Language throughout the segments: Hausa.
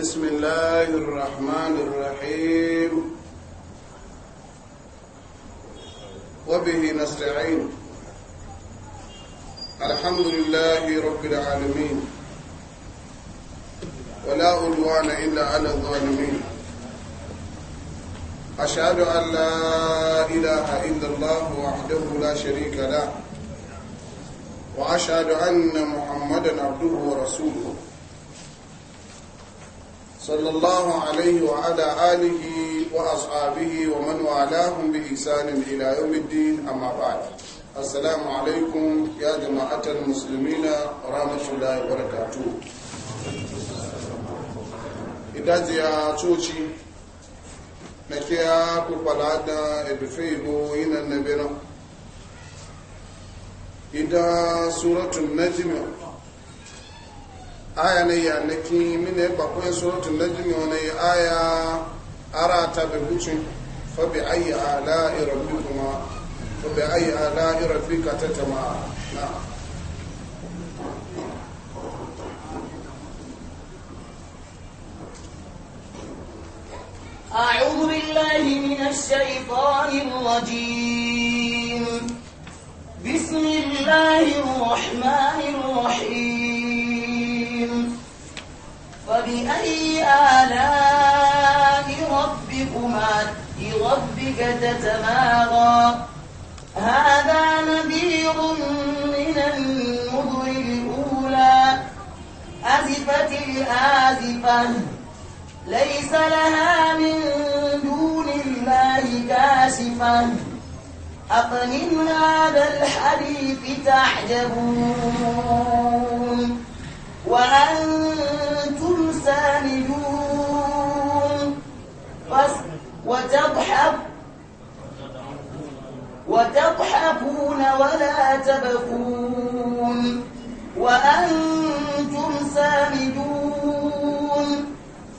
بسم الله الرحمن الرحيم وبه نستعين الحمد لله رب العالمين ولا عدوان إلا على الظالمين أشهد أن لا إله إلا الله وحده لا شريك له وأشهد أن محمدا عبده ورسوله صلى الله عليه وعلى آله وأصحابه ومن والاهم بإحسان إلى يوم الدين أما بعد السلام عليكم يا جماعة المسلمين ورحمة الله وبركاته إذا يا توشي na كوبالادا a إن dán إذا سورة النجم aya ne ya naki mine bakwai suratun najmi wani aya ara ta bi hucin fabi ayi ala irabbi kuma fabi ayi ala irabbi ka ta tama na أعوذ بالله من الشيطان الرجيم بسم الله الرحمن الرحيم الرحيم فبأي آلاء ربكما لربك تتمارى هذا نذير من النذر الأولى أزفت الآزفة ليس لها من دون الله كاشفة أقنن هذا الحديث تعجبون وأنتم سامدون وتضحك وتضحكون ولا تبكون وأنتم سامدون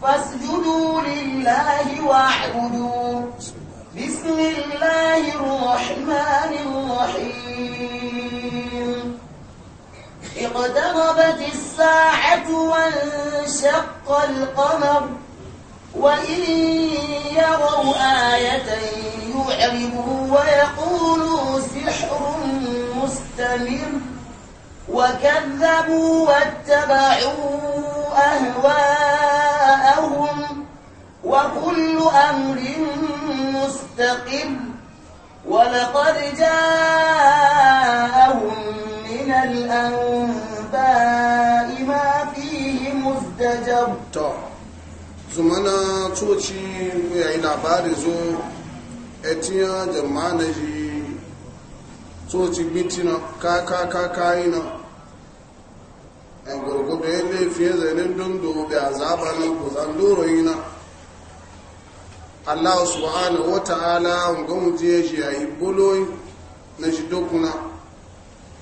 فاسجدوا لله واعبدوا بسم الله الرحمن وانشق القمر وإن يروا آية يعرضوا ويقولوا سحر مستمر وكذبوا واتبعوا أهواءهم وكل أمر مستقر ولقد جاءهم من الأنباء gargajiya to zumana coci ya yi labari zo etiyan jama'a na ji coci bitina na yan gurgudu ya laifin zanen dundu da zaba na kuzan na allah subhanahu wa ta'ala ngon je shi yi buloyi na shi dokuna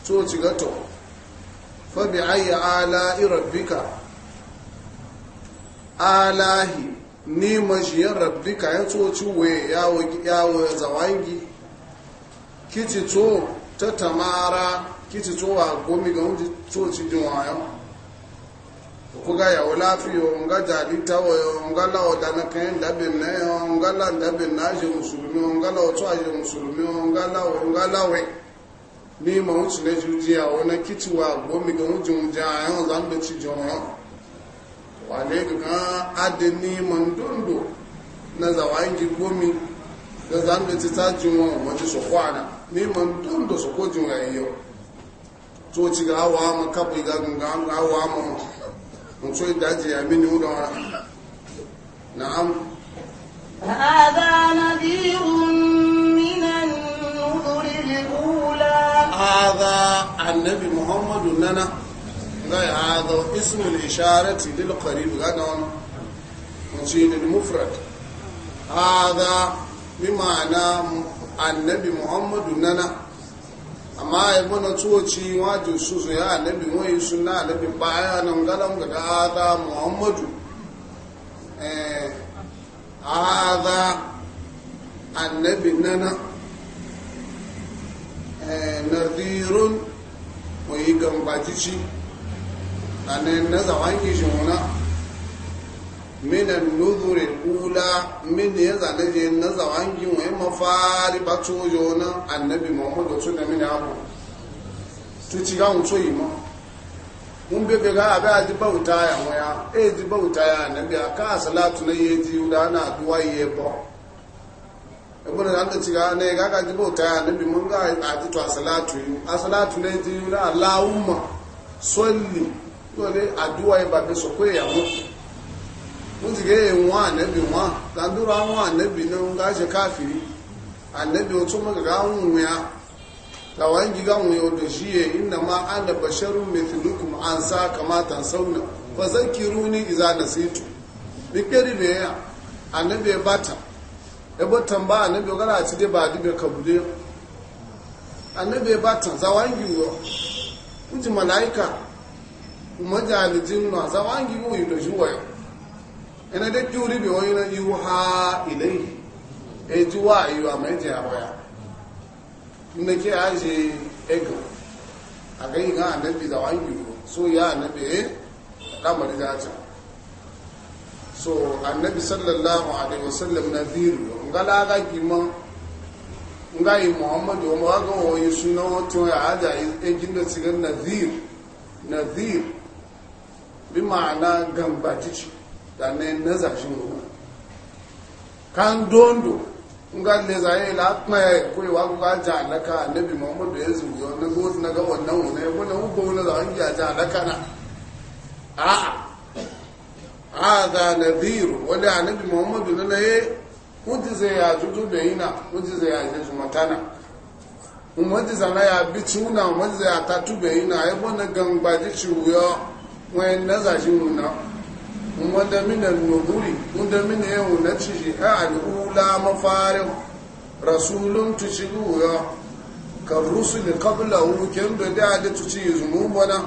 coci gato fabi ayya ala rabbika alahi ni majiyar rabbi ka ya tsoci waye yawo zawangi kici to ta tamara kici to a gomi ga hunji tsoci din wayan kuga ya wala fiyo nga jadi tawayo nga la da na kan Dabin na yo nga la Dabin na je musulmi nga la oto aje musulmi nga la nga la we ni ma hunji ne juji ya wona kici wa gomi ga hunji hunji ayan zan be ci jomo wale ga adini mandondo na zawangi gomi da zanga ci ta jinwa wace su kwana ni mandondo su ko jinwa yau to ci ga hawa mu kafa ga gunga an hawa mu mun so daji ya mini hudu na'am هذا نذير من النذر الأولى هذا النبي محمد لنا gai hado ismul isharati lil qarib ga ga wannan mutin al mufrad hada bi ma'ana annabi muhammadu nana amma ya bana tsoci wajin su su ya annabi wani suna annabi baya nan galan ga hada muhammadu hada annabi nana eh nadirun mai gambaci anan na zawan kishin wuna minan nuzurin ula min ya zane je na zawan gi wani mafari ba cojo na annabi muhammadu su da mini abu tu ci ga mutu yi ma mun bebe ga abe a ji bauta ya waya e ji bauta ya annabi a ka salatu na yi ji yuda na aduwa yi ya ba ibn da aka ci ga ne ga ka ji bauta ya annabi mun ga a ji to salatu yi a salatu na yi ji yuda allahumma salli tó ní àdúwà ìbàbí sọ pé ìyàwó wọ́n ti gẹ́ ìwọ̀n ànẹ́bì wọn tàbíra wọn ànẹ́bì ní wọ́n gáṣẹ káàfìrí ànẹ́bì tó mọ́ gàgá ń wùn ya tàwa ń gíga wùn yóò dò sí yẹ iná ma an da basharu mithlukum an sa kamata sauna fa zakiru ni iza nasitu bi kiri ne ya annabi ya bata ya batan ba annabi ya gara ci dai ba dibe kabule annabi ya bata zawangi yo kuji malaika umajalijin na zama an gibu yi loji wayo ina da kyuri bi wani na yiwu ha ilai e ji wa yi wa mai jiya waya inda ke aji ego a gani ga annabi da wangi gibu so ya annabi e, a lamar da ta so annabi sallallahu alaihi wasallam na biyu ngala ga gima yi muhammadu wa ma ga wani suna wato ya aja ejin da cigar nazir nazir bi ma'ana gambacici da na yin nazashin ruwa kan dondo nga le zaye la kuma ya koyi wa ku ka ja alaka annabi muhammadu ya zuwa na go na ga wannan wannan ko na ubo na za ya ja alaka na a a da nadir wala annabi muhammadu na ne mujiza ya juju da ina mujiza ya juju matana mujiza na ya bituna mujiza ya tatu da ya ai na gangbaji ciwo wọn na zashi wuna wanda mina nuburi wanda mina yawon na ciji a al'ula mafarin rasulun tuci ya kan rusuli kabla wuken da da da tuci zumubana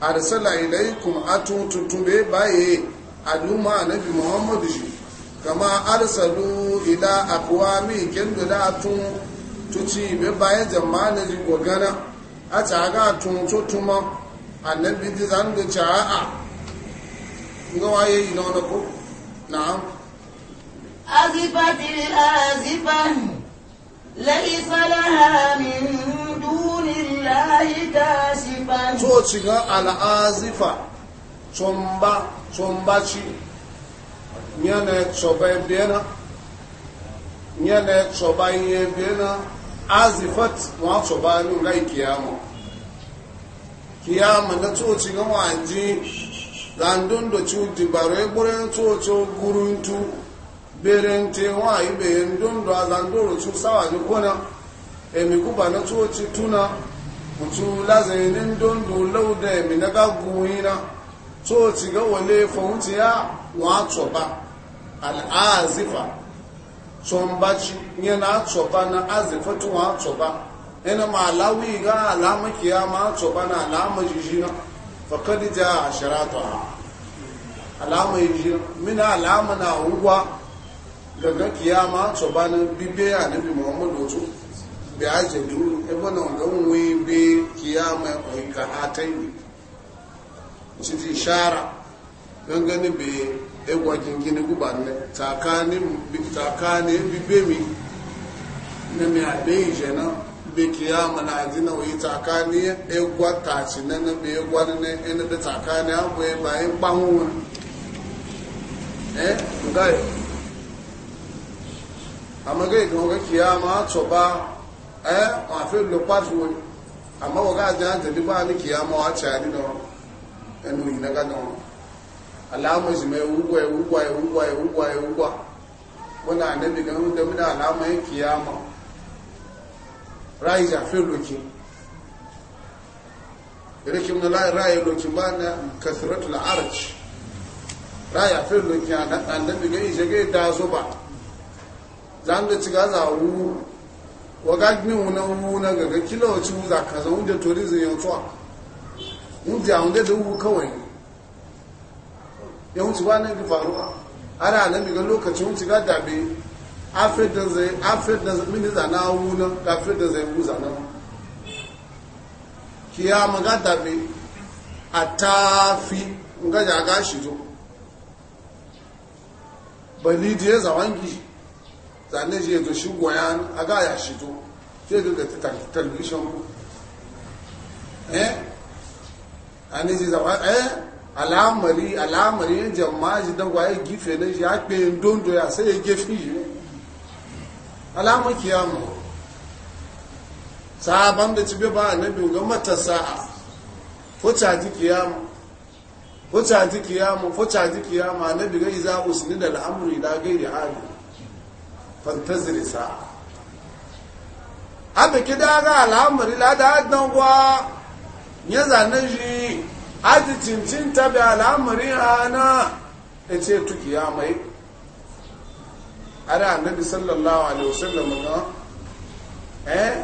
arsala ilaikum atututube baye aluma nabi muhammadu shi kama arsalu ila akwami kendo da tun tuci be baye jama'a na ji gogana a tsaga tun tutuma annabi ti zan da ci a'a nga waye yi nono ko na'am azibatil aziban laysa laha min duni llahi kashifan to ci ga al azifa chomba chomba ci nyane chobe biena nyane chobe biena azifat wa chobe ni ulai e kiyamo ya na tsoci ga waje landun da ci dibaro ya gburin tsoci guruntu berin tewa yi bayan dundu a zandoro su sawa ni kuna emi kuba na tsoci tuna mutu lazinin dundu lauda emi na gaguhina tsoci ga wale fahimciya wato ba al'azifa tsombaci na tsoba na azifatu wato ba ina ma lawi ga alama kiyama to bana alama jijina faqad jaa asharatuha alama jijina min alama na uwa gaga kiyama to bana bibe anabi muhammadu to bi ajadu ebo na ga nwe bi kiyama o ka hatai siti shara ni be egwa jingini gubanne takani takani bibe mi na mi abe na. be kiyama na adị na oyi egwa ta ci na na be egwa ne ina da tsakani abu e ba in banwo eh ngai ga ga ba eh ma fi lo ga ra'ayi jafe loki rikin na ra'ayi loki ba na kasiratul arch ra'ayi jafe loki a annabi ga ishe ga da zo ba zan da ci gaza wu wa gagni wuna wuna ga ga kila wace wuza ka zaun da tourism ya tsuwa wuce a wunde da wu kawai ya wuce ba na ga faruwa ana annabi ga lokacin wuce ga dabe afirdan zai afirdan mini zana wuna afirdan zai wu zana kiyama ga tafi a tafi ga jaga shi zo bali je zawangi zane je zo shi goyan a ga ya shi zo sai ga ta television ku eh ani je zawa eh alamari alamari yan ji dan gwaye gife ne ya pe ndondo ya sai ya gefi ne alamun kiyama sahaban da bi ba annabi ga mata sa'a fuca ji kiyama fuca ji kiyama fuca ji kiyama annabi ga iza usni da al'amri da gairi hali fantazir sa'a abe da ga al'amri la da dan gwa ya zanen shi aji cincin bi al'amri ana ya e ce tu mai. ada annabi sallallahu alaihi wasallam ga eh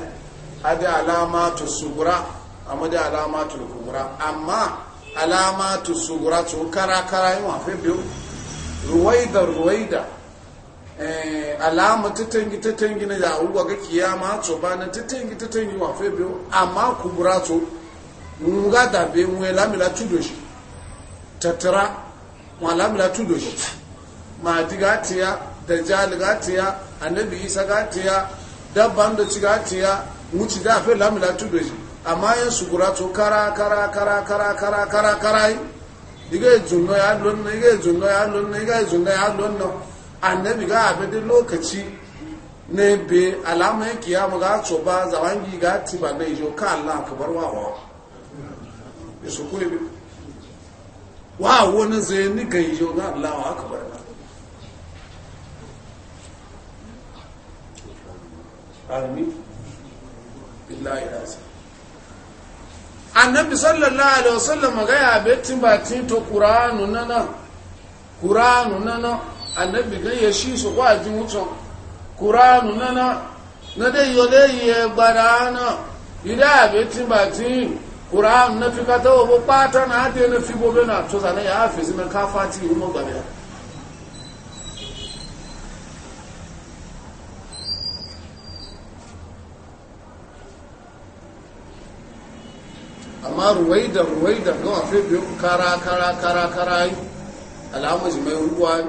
ada alamatu sugura amma da alamatu kubura. amma alamatu sugura to kara kara yin wa biyu. ruwaida ruwaida eh alama tatangi tatangi na yawo ga kiyama to bana tatangi tatangi wa biyu. amma kubra to nga da be mwe lamila tudoshi tatara mwa lamila tudoshi ma diga tiya dajjal gatiya annabi isa gatiya dabban da ci gatiya wuce da fe lamila tudu shi amma yan sugura to kara kara kara kara kara kara kara yi. diga junno ya lon diga junno ya lon diga junno ya lon annabi ga abin lokaci ne be alama kiyama ga to ba zawangi ga ti ba na ijo ka Allah bar wa wa yesu ko wa wani zai ni ga jo ga Allah wa armi billahi nasi annabi sallallahu alaihi wasallam ga ya betin batin to qur'anu nana qur'anu nana annabi ga ya shi su kwa ji mutu qur'anu nana na dai yole ye barana ida betin batin qur'an na fika to bo pata na ade na fi fibo be na to sana ya afisi na kafati mo gbabe amma ruwaida ruwaida gawa fi biyu kara kara kara kara yi alamu ji mai ruwa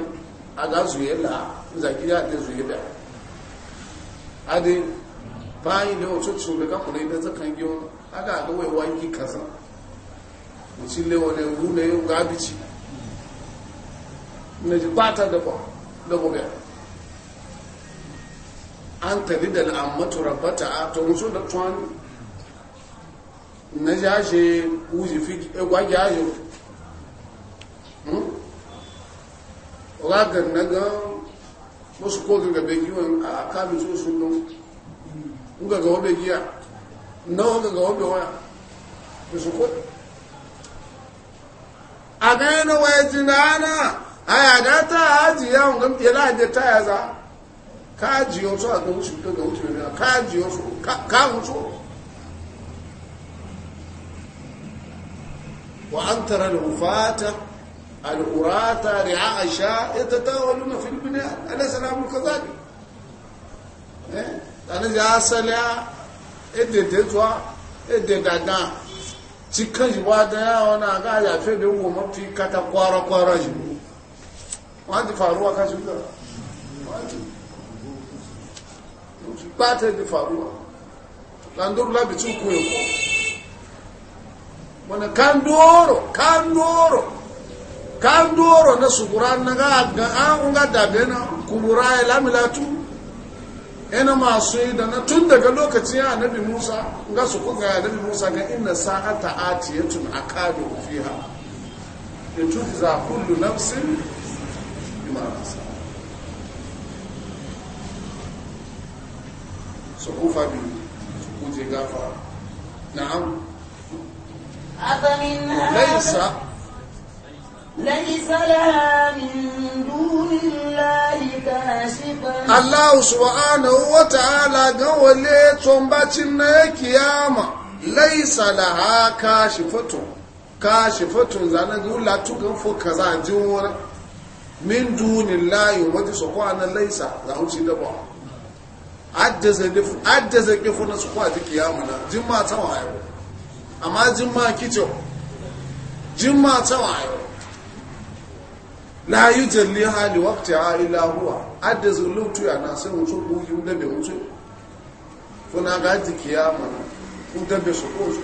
a ga zuye la zaki ya da zuye da adi bayi da wato tsoro ga kuma idan zakan yi aka ga wai wanki kaza mutum ne wani rune yau ga bici na ji bata da ba da gobe an tari da al'ammatu rabata a to da tuwani na shi ashe wuzi fi egwagi ayo ragar na ga wasu kogin ga begiwan a kamin so sun don nga ga wabe giya na wanga ga wabe waya da su kodi a gaya na waya jinana a yada ta aji ya wungan yala da ta yaza ka aji a ga ka so ka وأن ترى الوفاة الأراة رعاء الشاء يتطاولون في البناء أليس الأمر كذلك؟ أنا جاسل يا إدي تتوى إدي دادا cikin shi ba da yawon na ya fi da uwa mafi kata kwara-kwara shi wọ́n ti faruwa ka shi gara wọ́n ba ta di faruwa landor labi tún ya ẹ̀kọ́ wani kandoro kandoro doro na sukura na ga ga an ga dabe na kubura ya lamilatu ina masu yi da na tun daga lokacin ya nabi musa ga su kuka ya nabi musa ga inna sa'ata atiyatun akadu fiha za kullu nafsin ima kasabat so kufa bi su kuje na na'am أفمن ليس ليس لها من دون الله كاشفا الله سبحانه وتعالى قول تنبتنا كياما ليس لها كاشفة كاشفة زانا قول لا تقف كذا جورا من دون الله wadda سبحانه ليس laisa za عجز wuce daba adda جمعة funa amma jimma kicho jimma tawayo la yi jalli hali wakti a ila huwa adda zulutu ya na sai wuce buyi dabe wuce kuna ga jiki ya mana ku dabe su ko su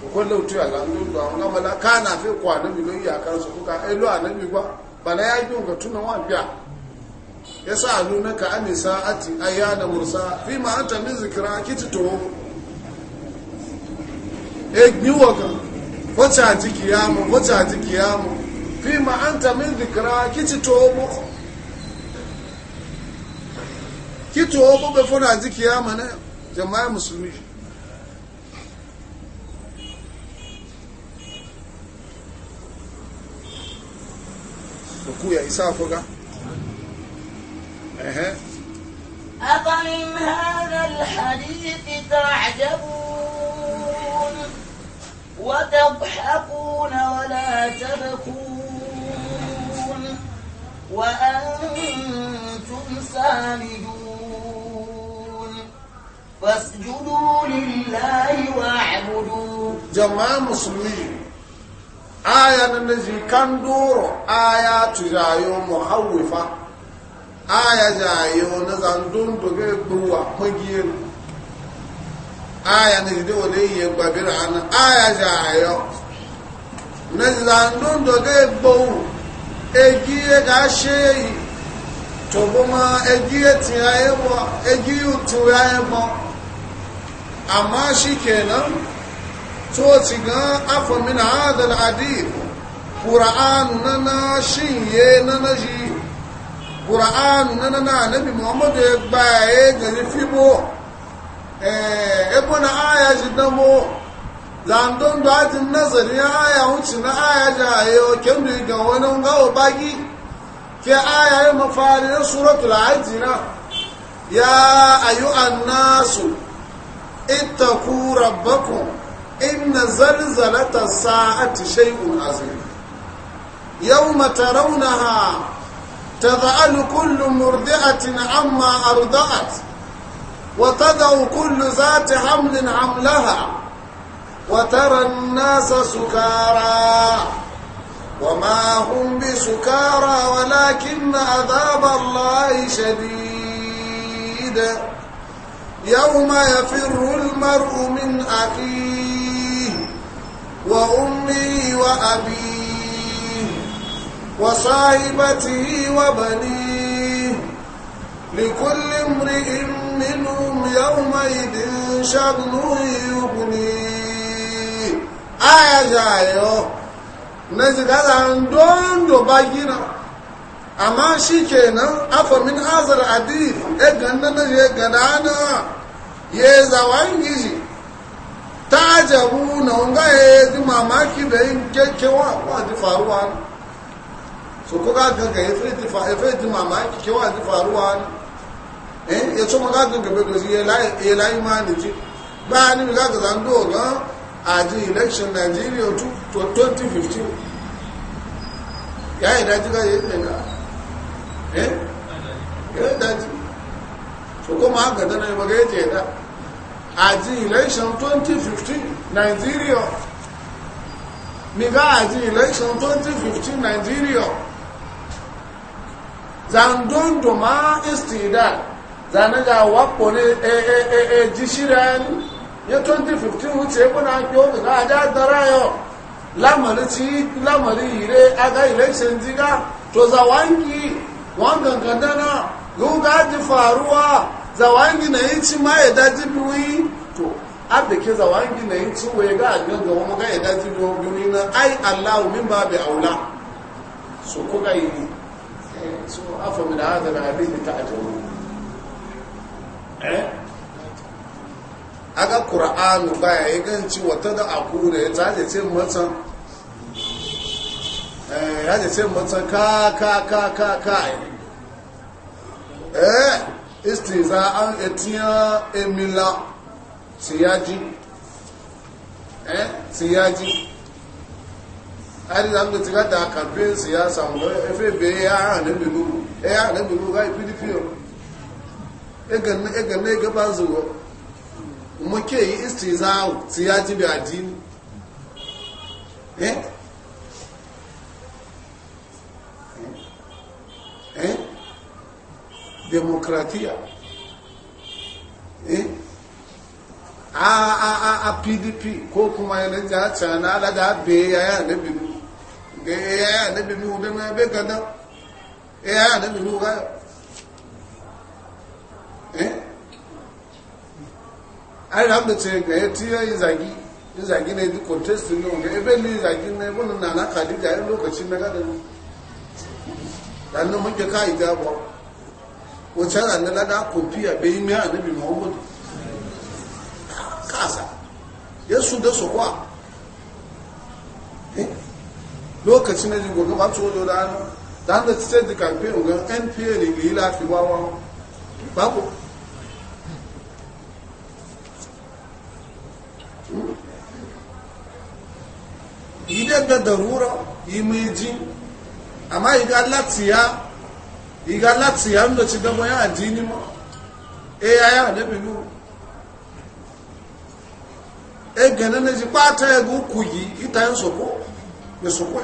ku kwallo ya la ndu da an gama la kana fi kwa na bi don iyakar su kuka ai lo anabi ba bana ya yi ga tuna wa biya yasa alunaka a sa'ati ayyana mursa fi ma anta min zikra kitu to e wakan wacce a ji kiyamu wacce a ji fi ma'anta min zikira kici to ki kici obo bai fura ji kiyamu na jama'a musulmi ku isa fuga ehe أفمن هذا الحديث وتضحكون ولا تبكون وأنتم سامدون فاسجدوا لله واعبدوا جماعة مسلمين آية الذي كان دور آية تجايو محوفة آية جايو نزان دون بغير بوا مجيرو aya na jide wale yi gbabira ana aya ja ayo na zila ndondo ga gbohun egi ye ga ṣe yi toboma egi ye ti aye mọ egi yi tu aye mọ amma shi kenan to ti gan afọ mina adal adib ƙura'anu na na shinye na na ji ƙura'anu na na na nabi muhammadu ya gbaye gari fibo ebo eh, e na aya ji zandon da ajin nazari aya wuce na aya ji kendo ga wani gawo bagi ke aya ya mafari na suratul ajina ya ayu annasu ittaku rabbakum inna zalzalata sa'ati shay'un azim yawma tarawnaha tadh'alu kullu murdi'atin amma arda'at وتضع كل ذات حمل حملها وترى الناس سكارى وما هم بسكارى ولكن عذاب الله شديد يوم يفر المرء من أخيه وأمه وأبيه وصاحبته وبنيه لكل امرئ منهم يومئذ شغل يغنيه آية جاية نزل عن دون دباجنا amma shi kenan afa min hazar adif e ganna na je ganana ye zawan gizi ta jabu na nga ye mamaki da kekewa wa faruwa so mamaki kewa faruwa eh ya to maga gan gabe do ba ni ga ga zan do election Nigeria 2015 ya ida ji ga yin da eh ya da ji so kuma ga ne maga election 2015 Nigeria mi ga election 2015 Nigeria zan don do ma istidal Zane zanaga wakpone e, e, e, jishiren ya 2015 wuce ya kuna ake oge na aja dara yo lamari ci lamari ire aga election jiga to zawangi wangan gandana guga ji faruwa zawangi na yi ci ma ya daji biyu to abda ke zawangi na yi ci wai ga agaggawa wani ga ya daji biyu na ai allahu min ba bi aula so kuka yi ne so afa min hadha al-hadith ta'jabu Eh? aga ƙura'anu ba ya yi ganci wata da aku da ya zaje ce matan eh, ya zaje ce matan ka ka ka ka ka eh istiza an etiya emila tiyaji eh tiyaji ari da ngoti ga da campaign siyasa ngo efe be ya na bilu ya na bilu ga pdp egan egan ne gaba zuwa kuma ke yi istizau su ya ji da adini eh eh, eh? demokratiya eh a a a pdp ko kuma yana ja cana ala da be ya ya nabi e mu ga ya ya nabi mu da na be kada ya ya nabi mu ga Eh? ai rabu da ce ga ya tiyo yi zagi zagi contest ne ga ebe ne zagi na wani na na kadija yin lokaci na gadanu ranar muke ka yi gaba wacce da lada kofiya bai yi miya annabi muhammadu kasa ya su da kwa eh? lokaci ne jigo gaba su wajen da an da cikin da kamfe ga npa ne ga yi lafi wawa babu idan da darura imiji amma iga latiya ya latiya ndo ci dabo ya addini mo e ya ya da binu e gana ne ji pata ya gu kuyi ita yin soko ya soko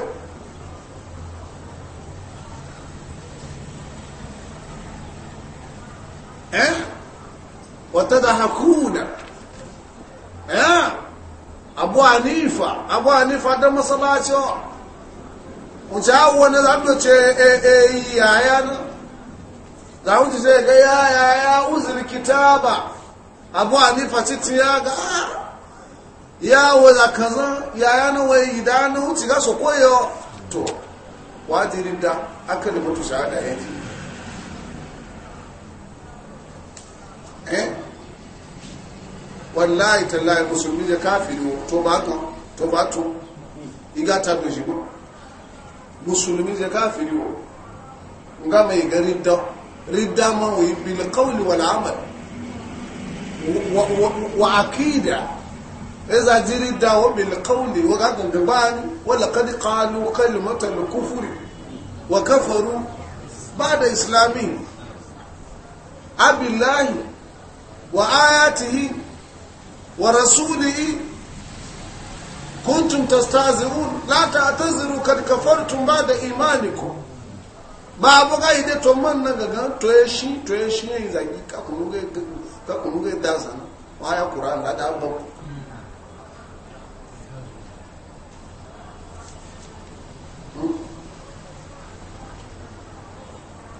eh? wata da abu hanifa abu hanifa da masalacin wuce wani zaɓi ce ee eh, eh, yaya na za ce ga yaya ya uzuri kitaba abu hanifa titi ya ga ah, ya waza kaza yaya na wai idanu wuce ga su koyo to wajirin da aka da mutu shahada ya ji wallahi tallahi musulmi je kafiri to ba to to ba to iga ta do jibo musulmi je kafiri nga mai ga ridda ridda ma wi bil qawl wal amal wa wa aqida iza jirida wa bil qawl wa gadan dabani wa laqad qalu kalimata al kufri wa kafaru ba'da islami abillahi wa ayatihi ورسوله كنتم تستاذرون لا تعتذروا قد كفرتم بعد إيمانكم ba ga ide to man nan ga to shi to shi ne ka kunu ka kunu ga da san wa ya qur'an ba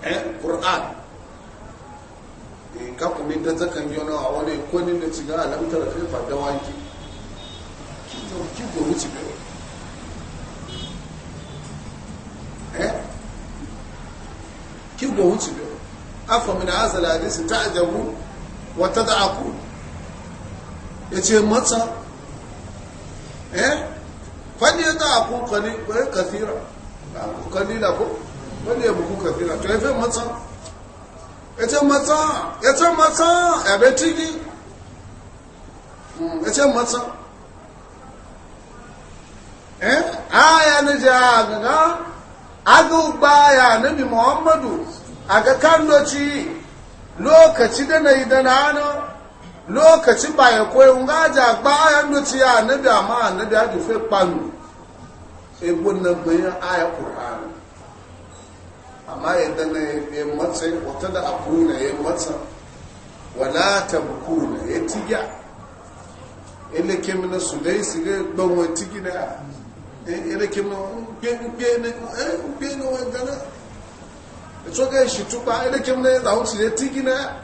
eh qur'an ka kuma da zakan kan wani a wani kwanin da ciga a lamtar da kai da wanki eh? ki ki ko wuce bai eh ki ko wuce bai afa min azal hadisi ta'jabu wa tad'aku yace matsa eh fani ya yadda aku kali bai kafira kalila ko wani ya buku kafira to yafe matsa ece matsa ece matsa ebe tigi ece matsa eh aya ne ja ga agu baya nabi muhammadu aga kandoci lokaci da nayi da nana lokaci baya koyi nga ja baya ndoci ya nabi amma nabi adu fe panu ebo na gbe aya qur'an amma yadda na ya matsa wata da abuna ya matsa wala ta bukuna ya tiga ina kemi na su dai su ga gbanwa tigi na eh, ina kemi na gbe na wanda eh, na ito ga shi tuba ina kemi na ya zahun su ya tigi na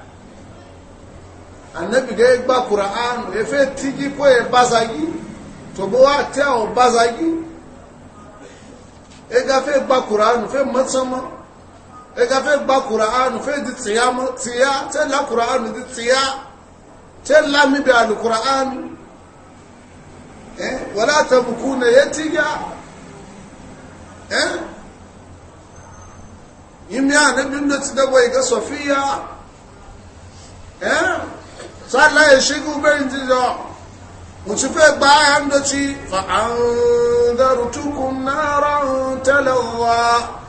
annabi ga ya gba kura'an ya fe tigi ko ya bazagi to bo wa ta o bazagi e ga fe gba kura'an fe matsa ma ega fe gba qur'anu fe di tiya mo tiya te la qur'anu di tiya te la mi bi al qur'an eh wala tabkuna yatiya eh yimi ana binne tida boy ga sofiya eh sala yeshigu ben jizo mutufe gba ando chi fa andarutukum naran talawwa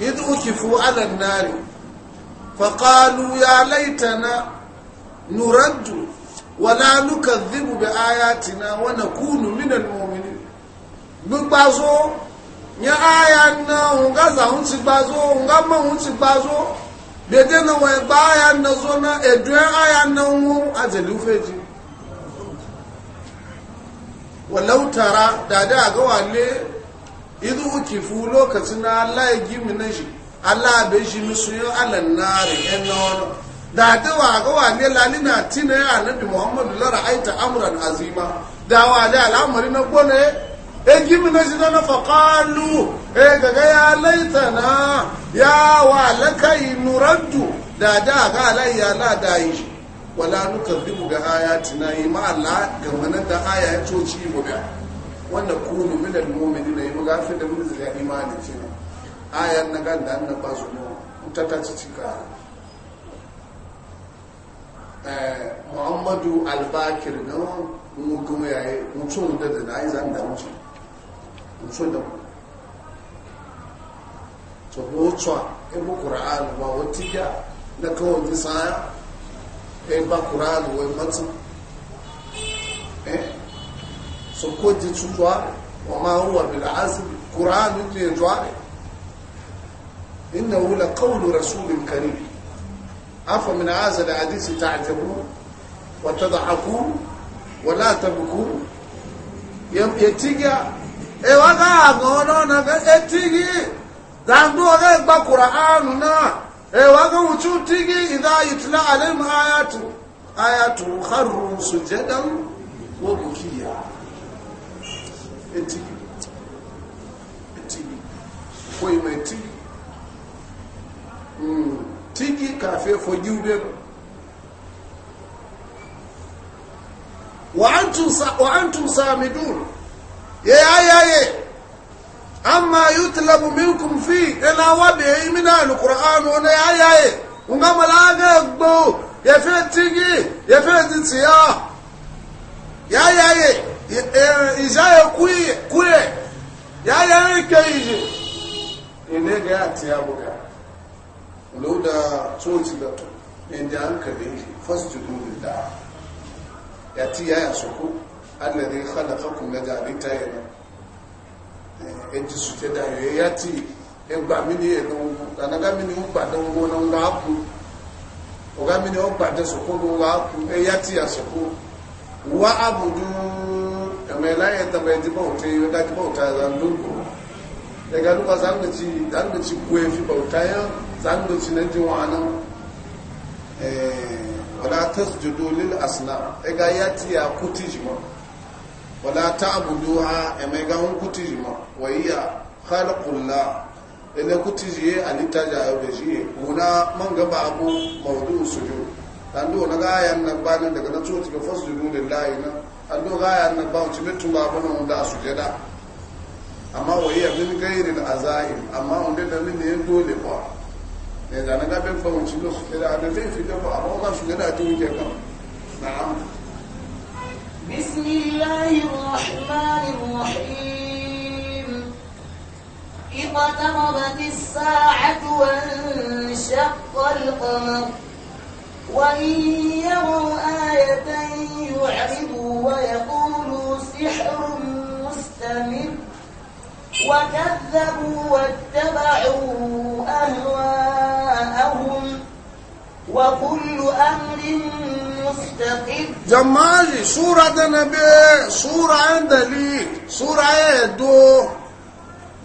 إذ أكفوا على النار فقالوا يا ليتنا نرد ولا نكذب بآياتنا ونكون من المؤمنين gbogbo nye na nga za hun ti gbazo nga ma hun ti gbazo dede na wọn gba aya na zo na edu aya na wọn azali ufeji walau tara dada aga idu fu lokacin na Allah ya gimi na shi Allah bai shi musu yin alan nari yan na wani da ta waga wane lalina tina ya annabi muhammadu lara aita amuran azima da da al'amari na gona ya gimi na shi na faƙalu eh, ya gaga ya laita na ya wale kai nuraddu da da ga alayya la da yi wala nuka ga ayatina yi ma Allah ga manan da aya ya coci mu ga wanda kunu minal mu'minin ne mu gafi da mun zira imani ce ayan na gan da annabi ba su mu tata ci cika eh muhammadu al-bakir no mu kuma yayi mutum da da ai zan da mutum mutum da to mu tswa e mu qur'an wa watiya na kawo ji sa e ba qur'an wa mutum eh سكوتي تشوتواري وما هو بالعزم قران انت يجواري انه لقول رسول كريم عفوا من هذا الحديث تعجبون وتضحكون ولا تبكون يم يتيجا ايوا غا غونونا اتيجي ذنبو إيه، غا قران نا ايوا غا وتشوتيجي اذا يتلى عليهم ايات ايات خروا سجدا وبكيا etigi etigi koi mai tigi mm, tigi kafe fogi ube ba wa antum samidun ye ayaye amma yutlabu minkum fi ina wabe yi mina alquran ona ayaye unga malaga gbo ye fe tigi ye fe titiya yayaye e, izaye kuye kuye yayaye keije ene ga ati abuga loda tsoci e, da inda an kabe shi fasjudu lillah ya ti yaya soko alladhi khalaqakum la jabita yana en e, ji su da yo ya ti e gba mi ni e don da ga mi ni gba don go na ga ku o ga mi ni o gba de soko go wa ku e ya ti ya soko wa abudu da mai layar ta bai ji bauta yi ga ji bauta zanduku daga duka zanduci zanduci kuwa fi bauta yin zanduci na jiwanan e, wala ta judo lil asna daga ya ti ya kuti jima wala ta abudu ha e mai ga hun kuti jima wa iya khalqulla ina kuti jiye alita ja ya beji wuna man gaba abu su sujud d'o na gaya na bani daga na tsoci ga fasjudu layi na d'o gaya na ba ci mitu ba na wanda su jada amma yi min gairin azaim amma wanda da min ne dole ba ne da na gaben fa mu da su da da zai fi dafa ba amma wanda su jada ta wuce kan na'am bismillahir rahmanir rahim اقتربت الساعة وانشق القمر وإن يروا آية ويقولوا سحر مستمر وكذبوا واتبعوا أهواءهم وكل أمر مستقر جمالي سورة نبي سورة عندلي سورة يدو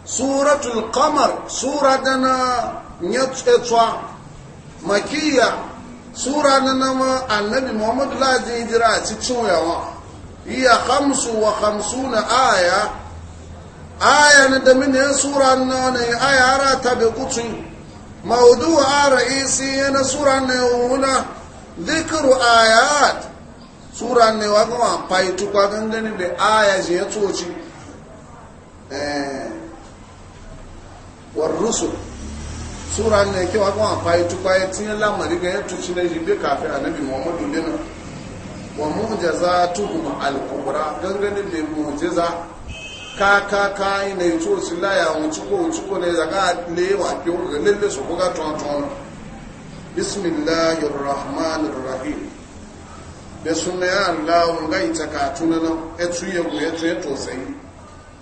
سورة القمر سورة دنا نيتشتوا مكية sura na nama annabi muhammadu lajin jira a cikin yawa iya hamsu wa hamsu aya aya na damin ya sura wani aya ara ta bai kutu maudu a ra'isi yana sura na yawuna zikiru ayat sura ne wa kuma faitu kwa gangani da aya je ya eh. war rusul sura ne ke wa kwa pa itu pa tin la mari ga tu shi ne jinde kafir annabi muhammadu lena wa mu'jazatuhum al-kubra gangane be mu'jiza ka ka ka ina to sila ya unchuko unchuko ne zaka le wa ke ga lele so ga ton ton bismillahir rahmanir rahim be sunna ya allah ga ita ka tunana etu ye go etu eto sai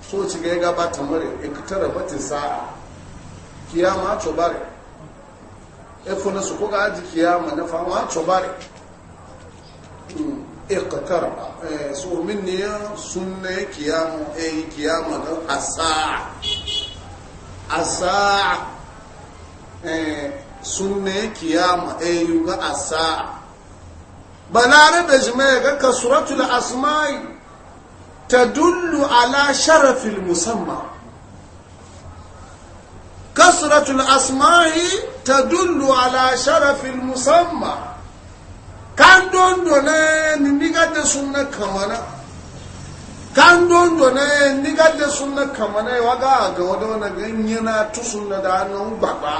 so ci ga ga batamare iktara batin sa'a kiyama a tsobare efo na su kuka aji kiyama na fama a tsobare hmm. eh, su min ne ya sunna ya kiyama ya yi kiyama na asa asa eh, sunna ya kiyama ya yi ga asa balare da jima'a ga kasuratul asma'i ta dullu ala sharafin musamman كثرة الأسماء تدل على شرف المسمى كان دون دون نيغا سنة كمانا كان دون دون نيغا سنة كمانا وغا غودونا غنينا تسنة دانو بابا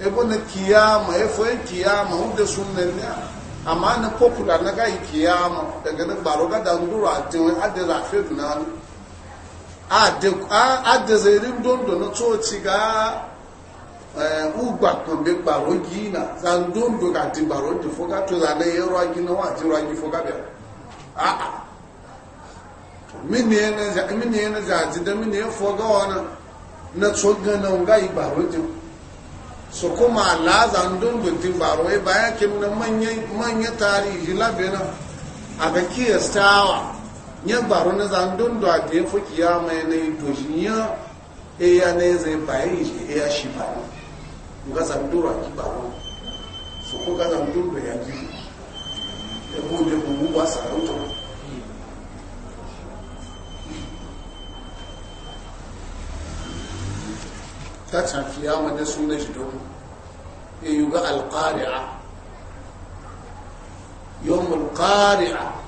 ebo na kiyama efo en kiyama hunde sunna ne amma na popular na ga kiyama daga na baro ga da nduru a tin adda rafe dunanu adazairin dondo na tsoci ga ugba tombe gbaro gina zan dondo ga ti gbaro ti foka to zane ya ragi na wa ti ragi foka biya a'a mini yana zaji da mini ya foga wani na tsoga na nga igbaro ti so kuma ala zan dondo ti gbaro ya bayan kim na manyan tarihi labina a ga kiyastawa nye gbaro na za ndo ndo ake fo kiyama ya na idoji nye eya na eze ba eyi eya shi ba nga za ndo ra ki ba wo so ko ga za ndo ndo ya ki e ko de ko mu ba sa ndo ta can kiyama da sunan shi don e ga alƙari'a yawmul qari'a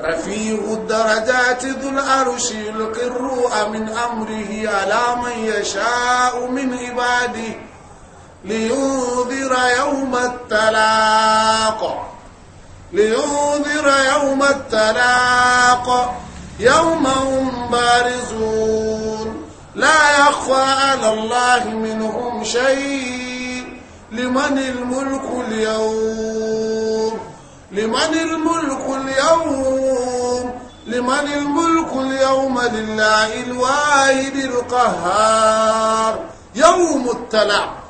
رفيع الدرجات ذو العرش يلقي الروح من أمره على من يشاء من عباده لينذر يوم التلاق لينذر يوم التلاق يوم هم بارزون لا يخفى على الله منهم شيء لمن الملك اليوم لمن الملك اليوم لمن الملك اليوم لله الواحد القهار يوم التلع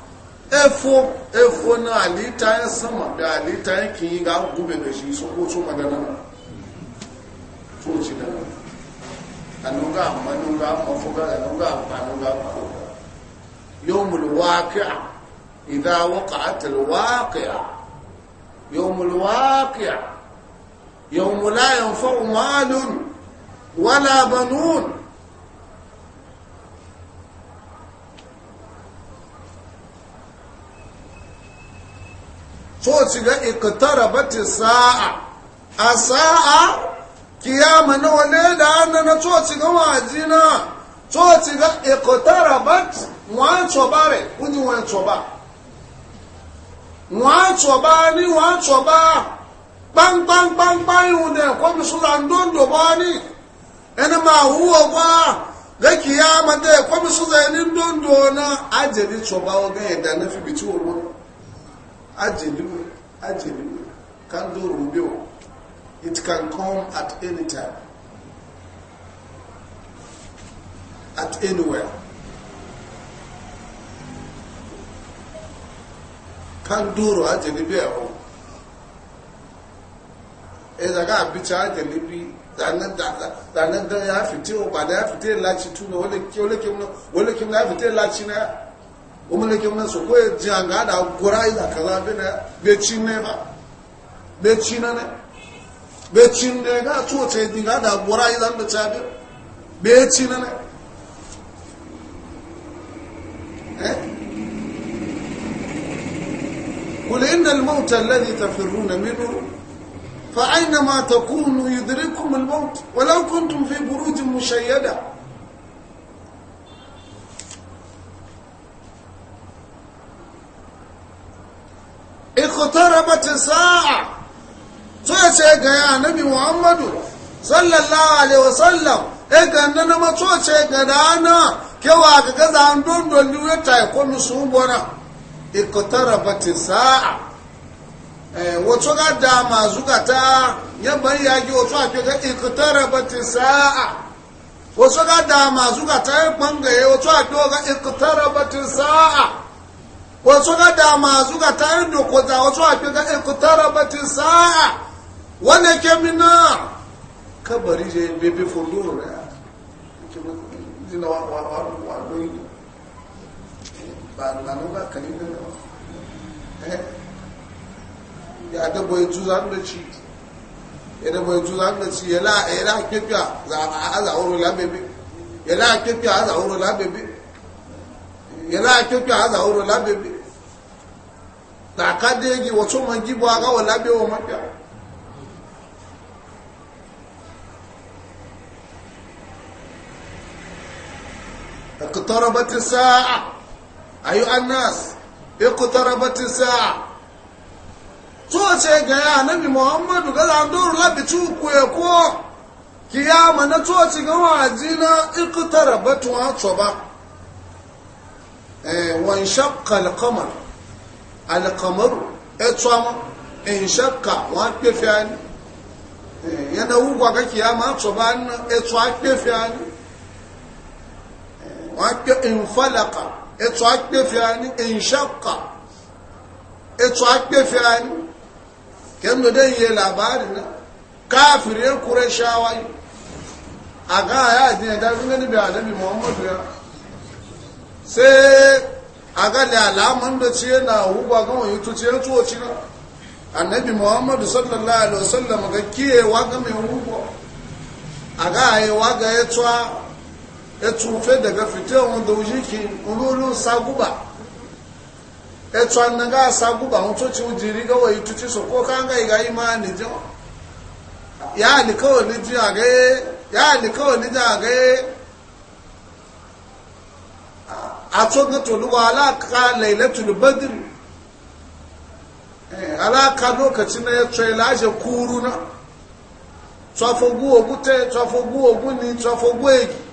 efo efo na alita ya sama da alita ya kinyi ga gube da shi so ko so magana na so ci da anuga manuga mafuga anuga يوم الواقع يوم لا ينفع مال ولا بنون so ci ga ikitara bata sa'a a sa'a kiyama na wane hannu na so ci ga wajina wọ́n tsọ̀bá ní wọ́n tsọ̀bá kpankpankpankpa ihun dẹ̀ kọ́bi sọ́la ní ẹni máa wúwo bá lẹ́kì yá amadé kọ́bi sọ́la ẹni ndóńdó náà ajẹ́ni tsọ̀bá ọgá ẹ̀dá náà fi bìtí wò wọ́n ajẹ́ni wò ajẹ́ni wò it can come at any time at anywhere. kan duro ajali bi awo e daga abicha ajali bi dana da ya fiti o bada ya fiti lachi tuna wale ke wale ke mna wale ke mna ya fiti lachi na o mna ke mna so ko e janga da gora ida kala be na be chinne ba be chinna ne be chinne ga to te dinga da gora ida be chabe be chinna ne قل إن الموت الذي تفرون منه فأينما تكونوا يدرككم الموت ولو كنتم في بروج مشيدة اقتربت ساعة توشي يا نبي محمد صلى الله عليه وسلم اقنا ما توشي قدانا كواك كذا دون دون يوتا سوبنا iqtarabati sa'a wato ga da mazukata yabban ya wato a ga iqtarabati sa'a wato ga da yi. bangaye wato a ga iqtarabati sa'a wato ga da mazukata dokota wato a ga iqtarabati sa'a wane kemina kabari je bebe fulur ya wa wa wa ba na nuga kalin da nawa eh? ya da boye tuzan da ci ya da boye tuzan da ci ya la ya la kefiya za a aza wuri la bebe ya la kefiya aza wuri la bebe ya la kefiya aza wuri la bebe ta ka degi wato man اقتربت الساعه ayu annas iqtarabati sa'a to ce ga ya annabi muhammadu ga zan duru labi ci ku ya ko kiyama na to ci ga wajina iqtarabatu wa tsoba eh wa inshaqqa al-qamar al-qamar etsama inshaqqa wa pefiani eh yana ugwa ga kiyama tsoba etsu a pefiani wa pe infalaqa ètò agbẹ́fẹ́ ani ìṣàkà ètò agbẹ́fẹ́ ani kẹ́mi dẹ́ yẹ làbáàrì náà káàfìrí ẹ̀kúrẹ́ ṣáwáyé àgá àyà àdìyàn dájú ní níbi muhammadu ya annabi muhammadu sallallahu alaihi wasallam ga kiye waga mai hugo a ga ya waga ya tuwa ya tsufe daga fitowar da wujiki ululu saguba ya tsuwan na ga saguba mutoci wujiri gawa yi tuci so ko kan ga iga imani jin ya alikawali jin a gaye ya alikawali jin a gaye a tsoga toluwa alaka lailatul badr eh, alaka lokacin na ya tsoye lashe kuru na tsofogu ogute tsofogu oguni tsofogu egi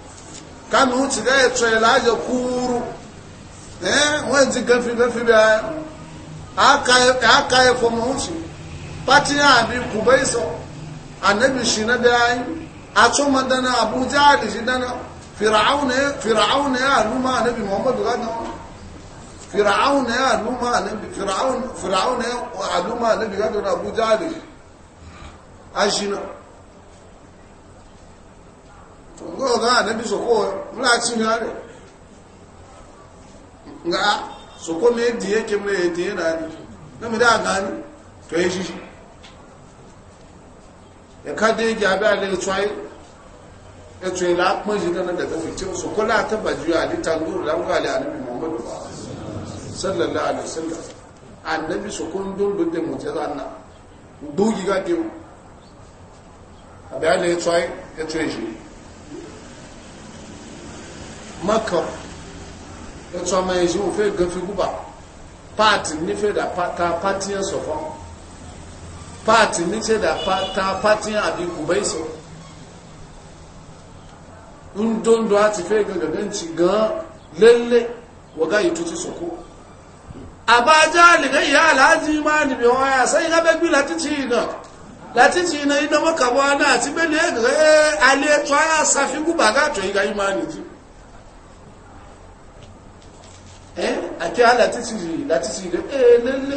kanu wuce ga ya tsaye laje kuru eh wani ji gafi aya da aka yi e, e fama pati ya abi kubai so annabi shi na da yayi a tso madana abu jahali dana ya aluma annabi muhammadu gana fir'auna ya aluma ya abu jahali a na tòkó ga anabi soko muna ci na ne nga soko me diye ke muna diye na ni na mu da gani to ya shi ya ka dai ga ba da tsai ya tsai la kun da kana daga fitin soko la ta baju ya li tangur la ga ala annabi muhammad sallallahu alaihi wasallam annabi soko ndon do de mutaza na dugi ga de abia le tsai ya e tsai makar ẹ̀tọ́ ọmọ ẹ̀ṣẹ́ òfin gan fi gúbà páàtì nífẹ̀ẹ́dà ta pátíyàn sọ̀fọ́ páàtì nífẹ̀ẹ́dà ta pátíyàn àbí gùbẹ́ ìsọ ń dóńdó àti fẹ́ gẹ̀gẹ̀gẹ̀ ti gan lélẹ̀ wọ̀gá yìí tó ti sọ̀kó àbájá lìgẹ́ ìyá aláàjì máa nìbí wọn yà sẹ́yìn lábẹ́gbì látìtì náà látìtì náà iná mọ́kàbọ́ náà àti bẹ́ẹ̀ lẹ́gẹ̀ẹ́ alẹ́ tó á sàfihàn gúbà gáàtọ̀ ìgbà yìí máa nìjì eh ake ala titiri la titiri eh lalle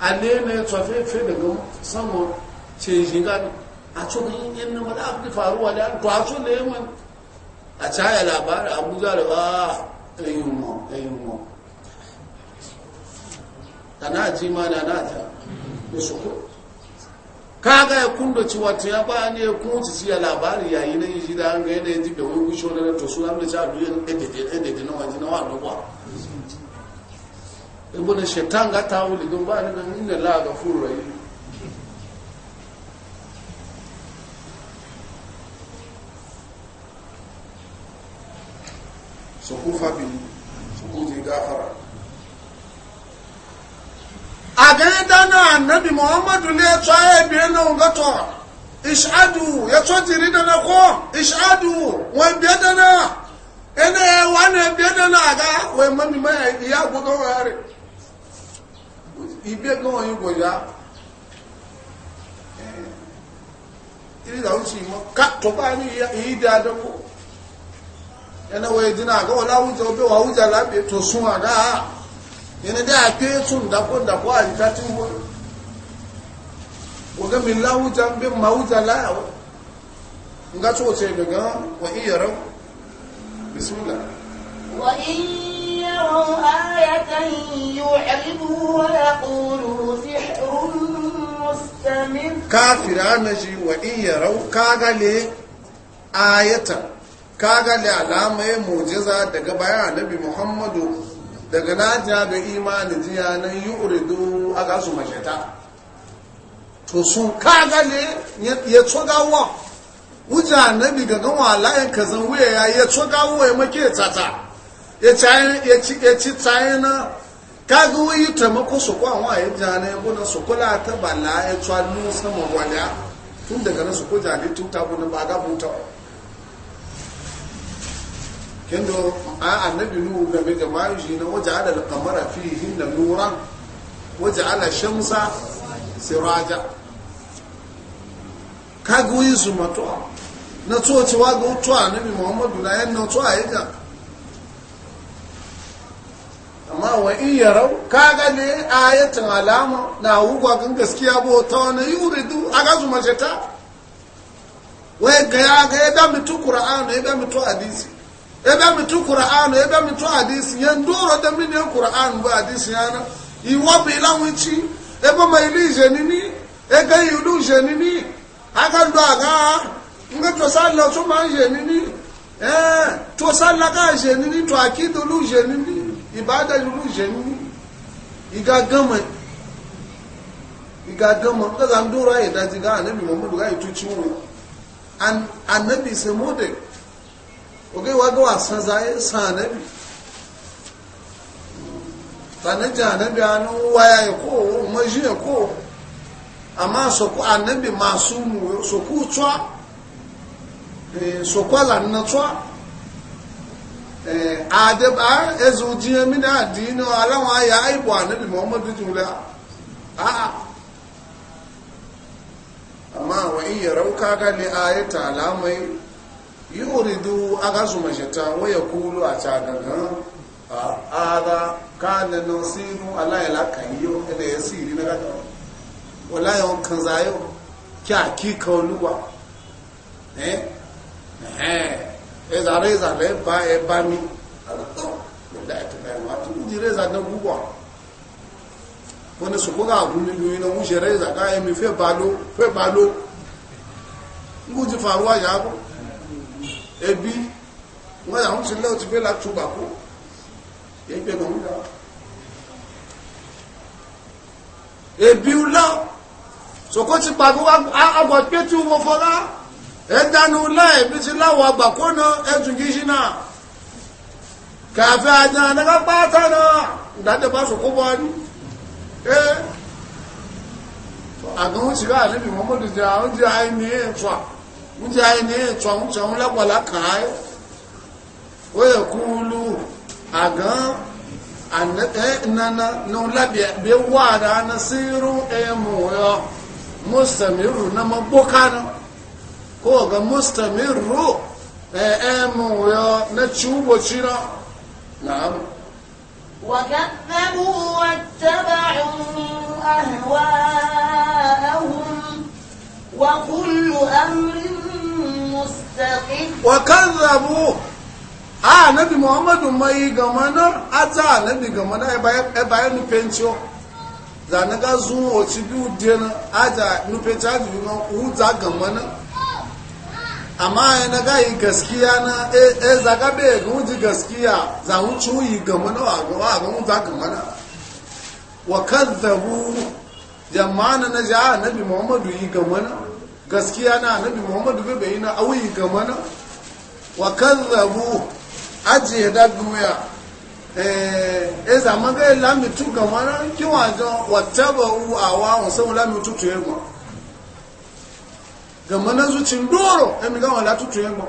alene tsofe fe daga samu ce shiga a cikin yan na mada abu faruwa da to a cikin da yawan a caya labarin abuja da ba ɗayin mo ɗayin mo da na ji ma da na ta kaga ya kunda cewa wato ya ba ne ku ci ci ya labari yayi na yi da an ga yana yi da wani gusho na to suna an da ci a duniya da da da na wani na wani ba ibn ga ta wuli don ba ni nan inna la ga furu so ku fa bi so ku ji gafara agaida na annabi muhammadu ne ya tsaye biye na ungato ishadu ya jiri dana na ishadu wai biye da na ina ya wani na da na aga wee mami ma ya guga wari ibe gan wani iri da wuce ma ka to baa ni yi da da ko yana wee dina aga wala obe wa wuce labe to sun aga yana dẹ́ àké sun dako dako a wọ́n wọ́n wani waga min bí bin mawuta layawa nga tó ce daga wa wọ́n yí yẹ̀rọ bisimila. káfìrí rau wà yu'ribu wa yaqulu sihrun mustamir kafira na mujiza daga bayan annabi muhammadu daga na ja ga imanin jiya nan yi uridu a gasu mashata to sun kagale ya tsogawa wuja na biga gan walayen ka zan wuya ya ya tsogawa ya make tata ya ci tsaye na kaga wuyi taimako su kwan wa ya ja na ya gona su kula ta bala ya tsuwa nusa mawala tun daga na su kuja ne na ba ga buta kendo a annabi nuhu game ga mayushi na waje ala kamara fi hinna nuran waje ala shamsa siraja kagu yi su matuwa na tsocewa ga utuwa annabi muhammadu na yan natuwa ya ga amma wa in ka kaga ne ayatin alama na hukwa kan gaskiya bo ta wani du a gazu mace ta wai ga ya ga ya damitu da ya damitu hadisi ebe mitu qur'an ebe mitu hadis ye ndoro da mini qur'an ba hadis yana iwo bi la wichi ebe ma ili je nini ega yudu je nini aka ndo aga nga eh, to sala to ma je nini eh to sala ka je nini to akidu lu je nini ibada lu je nini igagama igagama kaza ndoro ayi daji ga anabi muhammadu ga itu chiwo an anabi se model oge waga wasan zaye sanabi sanan janabi an waya ya ko maji ya ko amma soku annabi masu mu soku tsuwa soku alanna tsuwa adaba ezu jiye mini adino alawa ya aibu annabi muhammadu jula a'a amma wa iya rauka ga ni ayata alamai yuridu aga su mashita waya kulu a cagagan a ada ka da nan sinu ala ya lakan yi da ya siri na gada wala ya kan zayo kya ki kauluwa eh eh e zare zare ba e ba mi da ta kai ma tu dire za da gugwa wani su buga gumi gumi na wuce reza ka yi mi fe balo fe balo ji faruwa ya ko ẹbí wọ́n yà ń ti lẹ́ òtí fẹ́lá túbà kú ẹgbẹ́ náà ń dá ẹbí ńlá sọkó ti pàgó àgbà pé tí wọ́n fọlá ẹ ńlá ẹbí ti láwọ̀ àgbà kó náà ẹtù náà kàfẹ́ àjà àdáká pátá náà ìdájọ́ bá bọ́ ní ẹ àgbà ń ti rá àlébì mọ́mọ́dé jẹ́ àwọn jẹ́ àìní ẹ̀ tọ́ nje anyi n'e congo congo la gwala kaayi o ekuulu agaana eh, na na na o na na na o na na na na na bea bea ward anasiru e ya musta miro eh, na magbo kanu musta miro ndị e muu ya na chibu ochiri na amu. ahuwa ataba ahụhụ ahụhụ, wagulu wakazzabu a nabi muhammadu mai gama na ata nabi gamana na eba ya nupenciyo za na ga zuwa oci biyu dena aja nupenci aji biyu na huta gama na amma ya na gayi gaskiya na e zaga bai ga wuji gaskiya za wuce yi gamana na wa ga huta gamana, na wakazzabu jama'a na na ja nabi muhammadu yi gamana. gaskiya na annabi muhammadu bai bayyana auyi ga mana wa kazzabu ajiye da guya eh za man ga lami tu ga mana kin wajo wattabu awa wa sai lami tu tu yego ga mana zucin doro e mi ga wala tu tu yego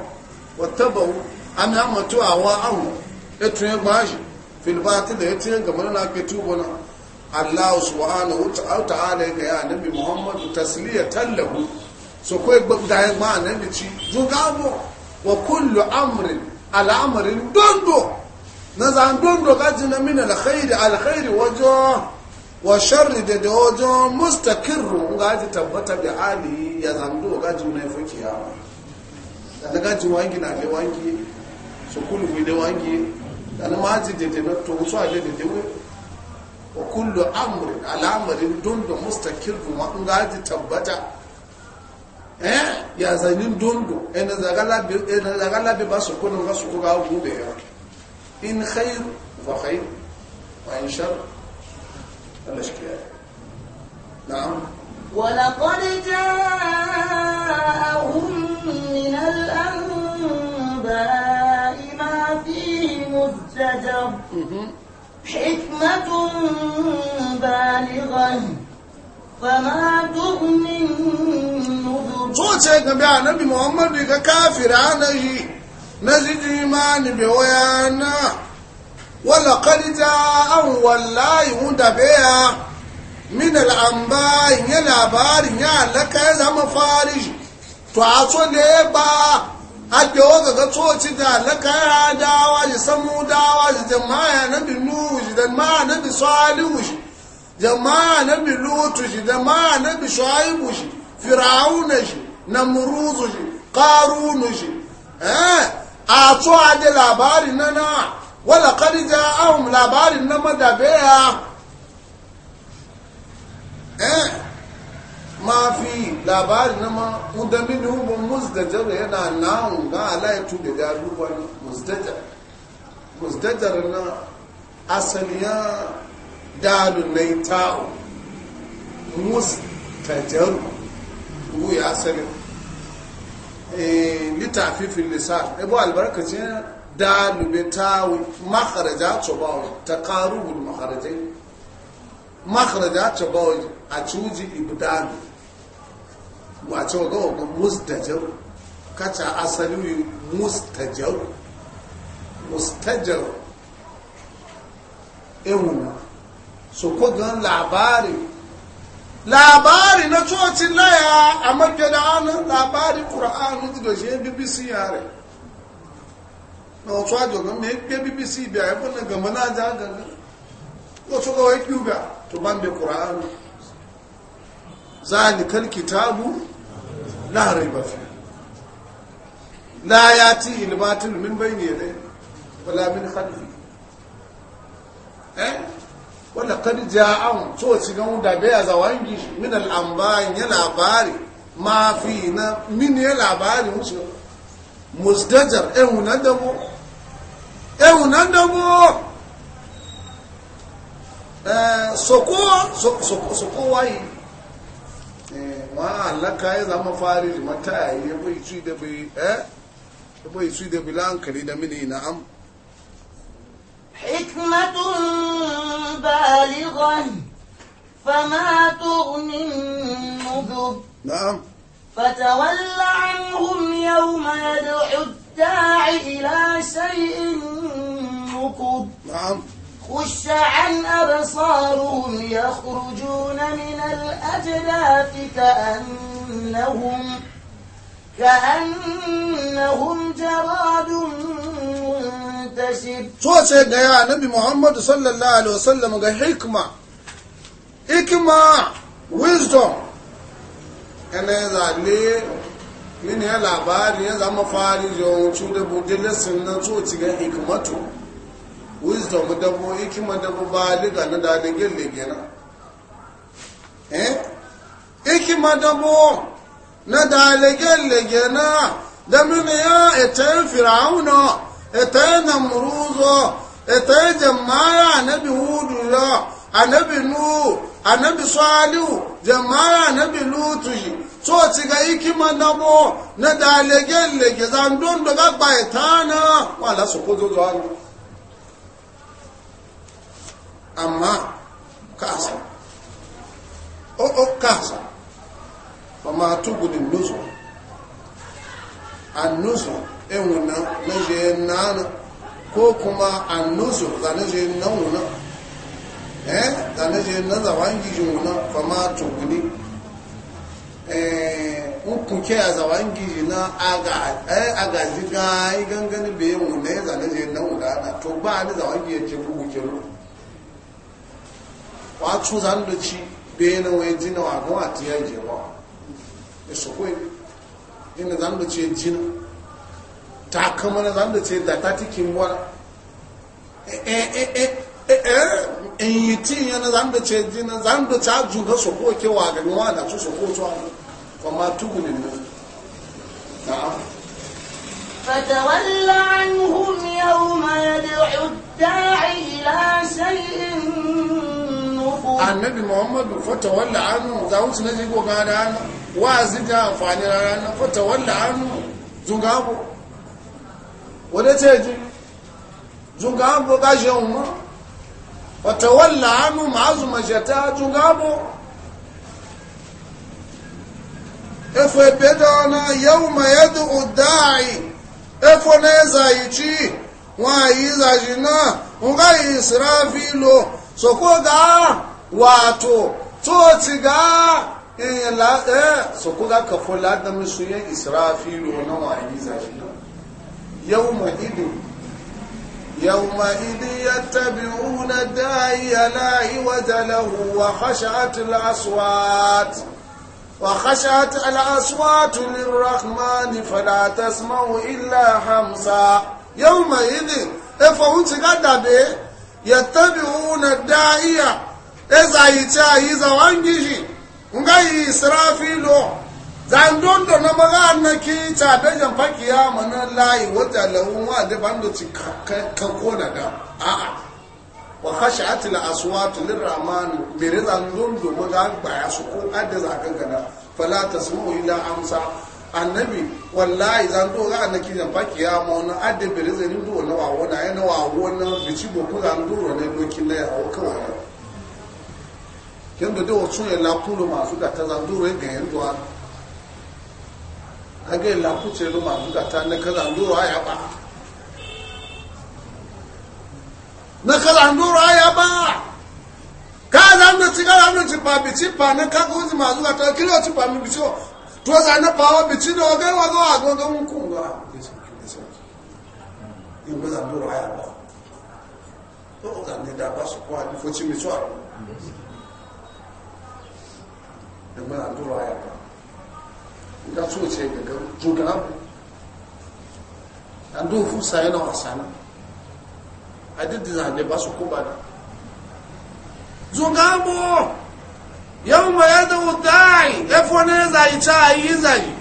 wattabu ana matu awa awu e tu yego aji fil batil da e tu ga mana na ke tu bona Allah subhanahu wa ta'ala ga ya annabi muhammadu tasliyatan lahu so ko da ma da ci zugabo wa kullu amrin al'amarin dondo na zan dondo gaji na min alkhairi alkhairi wajo wa sharri da da wajo mustaqirru gaji tabbata bi ali ya zan do gaji na fuki ya da gaji wangi na le wangi so kullu bi da wangi dan ma ji da da to so da da we wa kullu amrin al'amarin dondo mustaqirru ma gaji tabbata eh ya zanin dondo ene zagala bi ene zagala bi basu ko no basu ko ga gube ya in khair fa khair wa in shar al-ashkiya na'am ولقد جاءهم من الأنباء ما فيه مزدجر حكمة بالغة coci ga a annabi Muhammadu ga kafira na yi na zidi ma ni bi na wala kadita an wallahi mun da min al'amba in yi labarin ya alaka ya zama fari to a so da ya ba a ke ga soci da alaka ya dawa ji samu dawa ji jama'a na nuhu ji da ma'a na bi salihu ji jama'a na bi lutu shi jama'a na bi shu'aibu shi fir'auna shi namruzu shi qarunu shi eh a to ade labarin na na wala qad ja'ahum labarin na madabeya eh ma fi labarin na ma kudan musdajar yana nahun ga alaitu da jaruwa musdajar musdajar na asaliya dalun nai ta'u mustajaru bugu ya sani eh, litafifin lisan ebo albarkacin dalube ta'u makaraja tsobawa ta karubun makarajai makaraja tsobawa a cuji ibdalu wace waga waga mustajaru kaca asali mustajaru mustajaru ehuna so ko gan labari labari na cocin laya a ana labari ƙura'anu da shi bbc yare na otu ajogon mai pe bbc biya ya kuna gama na aja gaga otu ga wai cuba to ban bai ƙura'anu zalikar kitabu la ba fi la ya ti ilbatul min bayne ne wala min khalfi eh wanda kadi ja'an so ci gan da bai zawangi min al'amban ya labari ma fi na min ya labari musu musdajar ehunan nan da mu ehun nan da mu eh soko soko soko eh, wa alaka ya zama fari mata ya bai ci da bai eh bai ci da bilan kali da mini na amu حكمة بالغة فما تغني النذر نعم فتول عنهم يوم يدعو الداعي إلى شيء نكر نعم خش عن أبصارهم يخرجون من الأجداف كأنهم كأنهم جراد ce da ya nabi muhammadu sallallahu alaihi wasallam ga hikma hikma wisdom yana ya zane mini ya labari ya zama fari yawon cu da buɗe lesson na coci ga hikmatu wisdom dabo hikima dabo ba liga na dalin gille gina eh hikima dabo na dalin gille gina da mini ya ita e, Firawuna. ẹ̀tẹ́ nàmúrúzọ ẹ̀tẹ́ jẹ̀mára ànábì wúdù lọ ànábì núù ànábì sọ́álíù jẹ̀mára ànábì lúùtù yìí tó ti ga lege mọ́ náwó ní dalẹ́gẹ́ lẹ́gẹ́ zandóńdó gbàgbà ẹ̀tẹ́ náà wà lásìkò tó zọ àná. àmà káàsà ó ó káàsà ọmọ àtúgbò ní nùzọ ànùzọ. in wannan na je nana ko kuma annusu za na je nan wuna eh za na je na zawan fa wuna to tuguni eh uku ke a zawan giji na aga eh aga jiga ai gangani be yin wuna ya za na je nan wuna na to ba ni zawan ya ce ku ke ru wacu zan da ci be na wai jina wa gawa tiyar jewa ya ko kwai inda zan da ce jina ta kama na zan da ce da ta tikin wa in yi ci yana zan da ce jina zan da ta juga su ko kewa ga nuwa da su su ko su kuma tugu ne na فتول عنهم يوم يدعو الداعي إلى شيء نفور النبي محمد فتول عنه زاوس نجيب وقال عنه وازد أنفعني فتول عنه زقابه wadataji zungabo gaje na watawalla anu maazuma jata zungabo efo ebedona yawma yad'u da'i efo neza ichi wa yiza jina unga israfilo soko ga wato toti ga in la eh, da musu israfilo na wa يومئذ يومئذ يتبعون الداعي لا عوج له وخشعت الأصوات وخشعت الأصوات للرحمن فلا تسمع إلا حمصا يومئذ إفهمت قدب يتبعون الداعي إذا يتعيز وانجي ونجي إسرافيلو zandun da na maza na ki cadon jamfa ya na layi wata lahun wa da bando ci kako na da a'a wa kashi atila aswatu ramani mere zandun da ba ya su ko adda zakan gana fala ta sumu ila amsa annabi wallahi zandun ga na ki jamfa ya wani adda mere zanin duwa na wawo na yana wawo na bici boku zando ne dokin na yawo wani. yanda dai wasu ya lakulu masu ga ta zando ga yanzu age la kuce lo ma duka ta na kaza ndoro aya ba na kaza ndoro aya ba kaza ndo ci kaza ndo ci pa bi ci pa na ka ko ma duka ta kilo ci pa mi bi so to za na pa wa bi ci do ga wa ga wa ga ga mun ku ga in ba za ndoro aya ba to ga ne da ba su ko a fo ci mi so a da ma ndoro aya ba ga tsoce ga jogaram an dofu sayi na wasana a didi zane ba su kuba da zungamo yau ma ya da wutai efo ne zai ca a yi zai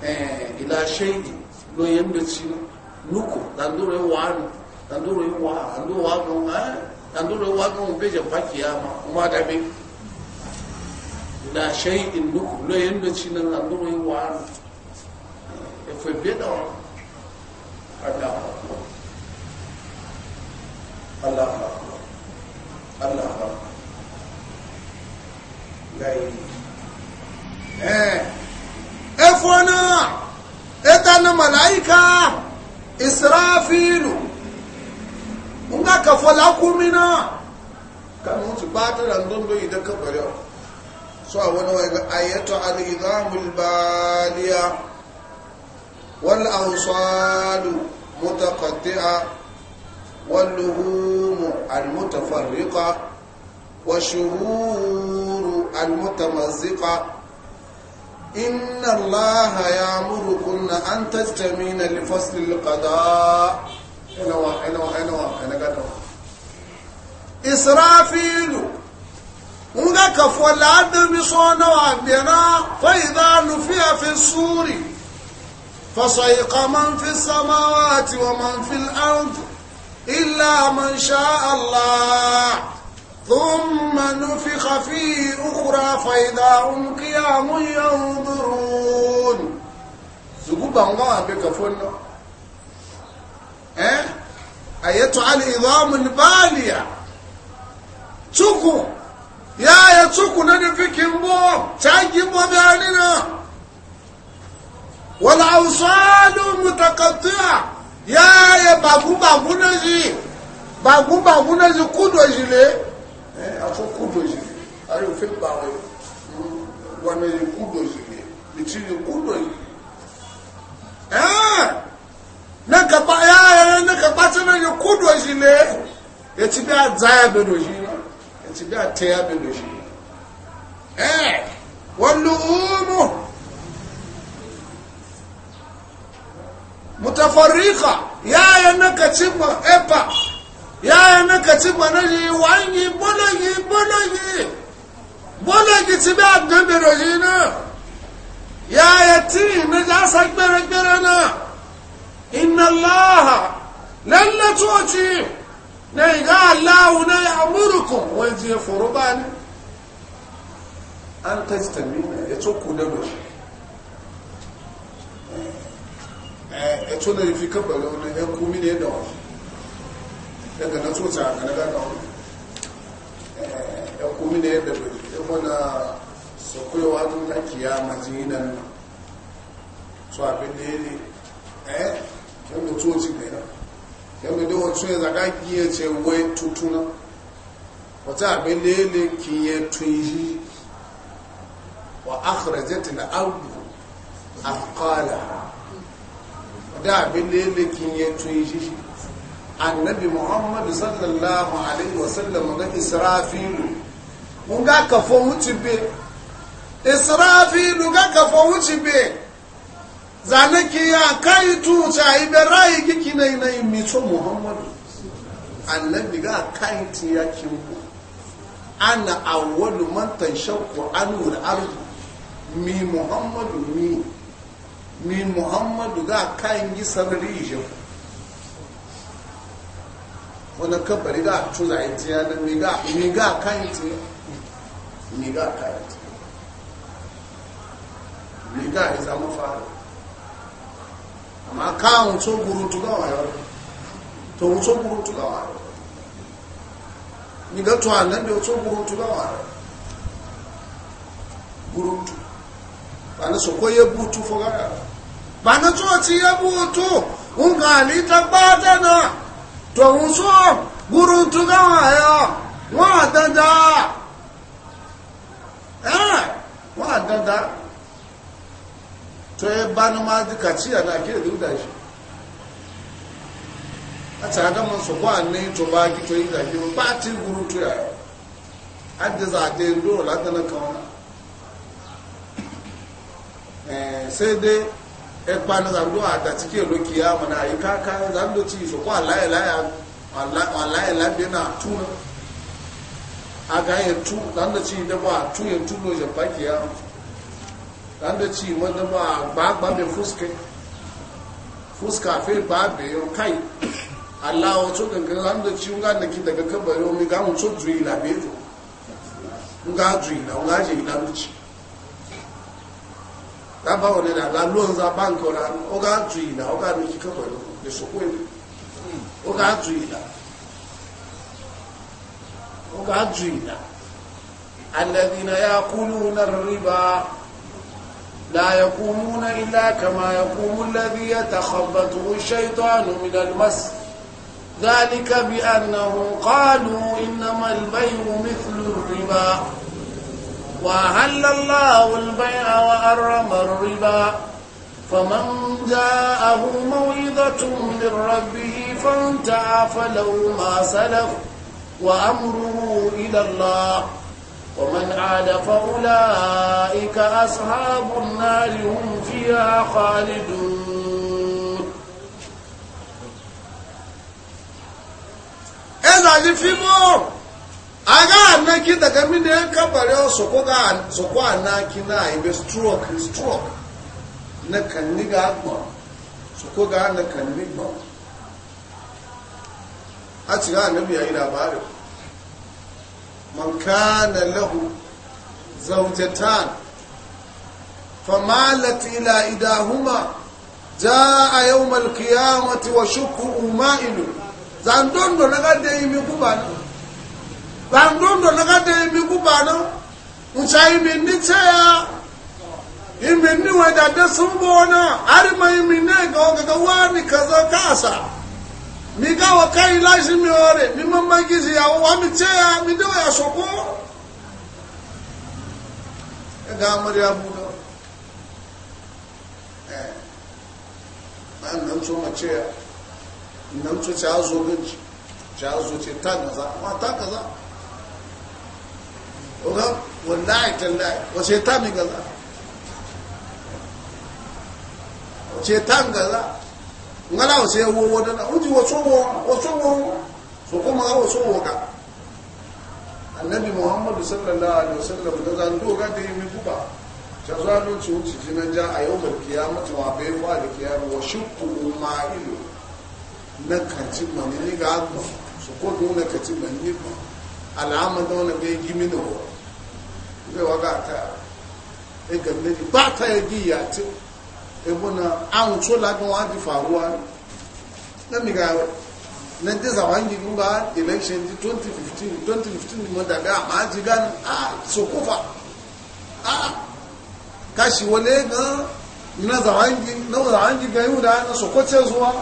eh, ila shaidi lo yin eh, da ci nuku dandoro yi wani dandoro yi wa dandoro wa gan dandoro wa gan ubeje fakiya ma kuma dabe la shay'in nuku lo yendo china na ndo yi wa e fe beda wa Allah Allah Allah gai eh efona na malaika israfilu unga kafola kumina kanu tubata randondo idaka barewa سواء ونوى آيات على البالية والأوصال متقطعة واللهوم المتفرقة والشهور المتمزقة إن الله يأمركم أن تستمين لفصل القضاء إنوا إنوا إنوا إنوا إسرافيل إسرافيل كفوا العدم صون وعبرا فإذا نفيا في السور فصيق من في السماوات ومن في الأرض إلا من شاء الله ثم نفخ فيه أخرى فإذا هم قيام ينظرون سقوبا الله بك فلنا أه؟ أيتها العظام البالية تكون ya ya tsuku na nufikin bo cagin bo bayani na wala ausalun mutakattiya ya ya bagu bagu na ji bagu bagu na ji kudo ji le eh afo kudo ji ari o fe ba we wana ji kudo ji le biti ji kudo ji eh na kapa ya ya na kapa tana ji kudo ji le ya bi a zaya bedo ji ci da ta yabe da shi eh wallumu mutafarrika yaya na ka ci ma epa yaya na ka ci ma na yi wanyi bologi bologi bologi ci da gbebe na yaya tiri na jasa gbere gbere na inna na ga allahu na ya amurku wanzu ya furu ba ne an tajtamina ya ku da doshi ya tsona yi fi kaba wani ya kumi ne da wani daga na tsotsa a kanada ga wani ya kumi ne da doshi ya wana sakwaiwa tun da kiyama jinan nan so abin da ya ne eh kyan da tsotsi da yana yadda da wacce ya ki yi ce wai tutuna wata abin da ya ne kiye tunji wa akhrajat na ardu afqala da abin da ya ne kiye tunji annabi muhammad sallallahu alaihi wasallam na israfilu mun ga kafo wuce be israfilu ga kafo wuce be zanaki ya kai tuta ibe rai kiki nai nai mito muhammadu annabi ga kai ti ya kinku ana awwalu man tanshaqu anhu da ardu mi muhammadu mi mi muhammadu ga kai ngi sarri je wana kabari ga tuza iti ya mi ga mi ga kai ti mi ga kai ti mi ga izamu fara amma kawun to gurun tuga to ni da so butu bana to ti butu un ga ni ba ta na to so wa dada eh wa dada to ya ba na ma duka ci a nake da duda shi a tsaga man su kwa ne to ba ki to yi da ki ba ti guru to ya adda za ta yi dole adda na kawana sai dai ya ba na zando a da cike loki ya mana yi kaka zando ci su kwa laye laye wallahi labe na tuna a ga yin tu zando ci da ba tu yin tu lo jafa ki ya tando ci wanda ma gbagba mai fuska fuska fe gbagbe yau kai allah wato gangan tando ci nga na ki daga kabari omi ga mutu juyi labe to nga juyi na nga je ila luci ta ba wani da ga lon za bank ora o ga juyi na o ga luci kabari da so ko o ga juyi na o ga juyi na الذين يأكلون الربا لا يقومون إلا كما يقوم الذي يتخبطه الشيطان من المس ذلك بأنهم قالوا إنما البيع مثل الربا وأهل الله البيع وأرم الربا فمن جاءه موعظة من ربه فانتعى فله ما سلف وأمره إلى الله ومن عاد فأولئك أصحاب النار هم فيها خالدون إذا aga annaki daga mini yan kabare su annaki na ibe stroke stroke na kanni ga agba su na kanni ba a cika annabi ya yi labarin man kana lahu zawjatan famalat ila idahuma jaa yau alqiyamati wa shukru ma'il zandondo nagade imi kubana zandondo nagade imi kubana ucha imi nichea imi niwe dade ma imi nega ogaga wani kaza kasa mi ká wọ káyí láìsí mi ọ̀rẹ́ mi mọ́ mọ́ gízi àwọn wà mí tẹ́ ya mi dẹ́wọ̀ yà sọ̀kọ́ ẹ̀gá amọ́rí abúlọ ẹ̀ máa nà ń tó mọ̀ tẹ́ ya nà ń tó tẹ́ azọ méjì tẹ́ azọ tẹ́ tá gàzá wọ́n tá gàzá ọ̀gá wọ́n láì tẹ́ láì wọ́n tẹ́ tá mi gàzá wọ́n tẹ́ tá ngala ose wo wo dana uji wo sowo wo sowo so kuma wo sowo ka annabi muhammad sallallahu alaihi wasallam da zan do ga da mi kuba jazanu ci uci jinan ja a yau bar kiyamata wa bai wa da kiyama wa shukku ma'ilu na kanci mani ni ga agba so ko do na kanci mani ni ba alama da wani bai gimi na wa ga waga ta e ganne ba ta yi ya ce ebona an tso lagun wa fi faruwa na miga na ti zawangi gumba election di 2015 2015 mo daga ma ji gan a sokofa a kashi wale na na zawangi na zawangi ga yu da na sokoce zuwa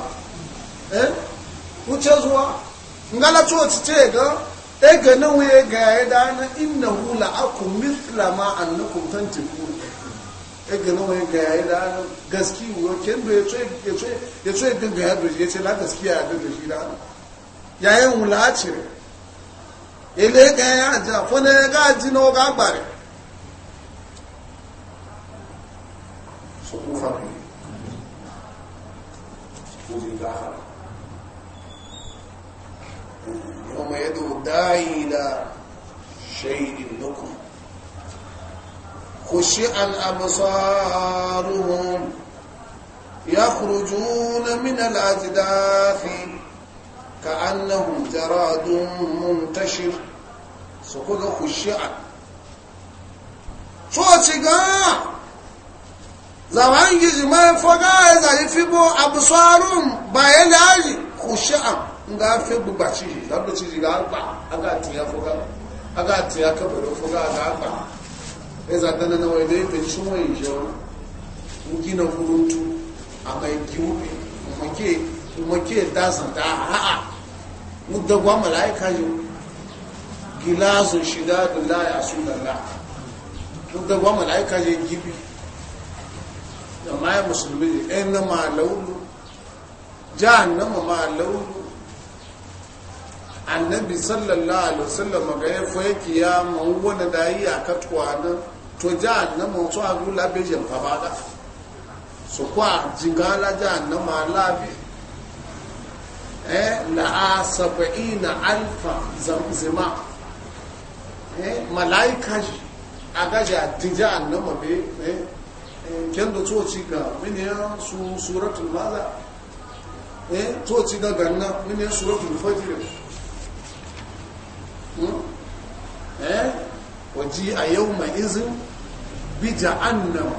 eh uce zuwa ngala tso tse ga e ga na wuye ga ya da na innahu la akum mithla ma annakum tantiqu ganin wani ga yayi da gaski wo kendo ya tsoye ya tsoye din ga yado ya la gaskiya ya da shi da yayin wulaci ele ga ya ja fone ga ji no ga gbare so ku fa ku ji ga ha yawma yadu da'i ila shay'in nukum خشعا أبصارهم يخرجون من الأجداث كأنهم جراد منتشر سكوك خشعا فوتيغا زمان ما فوقا إذا يفبو أبصارهم بايلاجي خشعا nga fe gbogbo àṣìṣe lábẹ́ ti rí ra gbà agàtìyà fọ́gá agàtìyà kẹbẹ̀rẹ̀ fọ́gá àgbà eza dana na wai dai ta cin wai jawo muki na kuruntu a mai giwubi kuma ke kuma ke dasan ta ha'a mudda gwa mala'ika yau gilasun shida da la ya su da la mudda gwa mala'ika yau gibi da maye musulmi ne ɗan na ma laulu jahannama ma laulu annabi sallallahu alaihi wasallam ga ya fa yake ya mawwana da yi a katwa nan to jahannama wato a lula bejin fabada su kwa jigala jahannama labi eh la'a saba'ina alfa zamzima eh malaika ji a gaji a jahannama be eh, eh kyan da tsoci ga miniyan su suratul maza eh tsoci ga ganna miniyan suratul fajr hmm? eh waji a yau ma izin بجهنم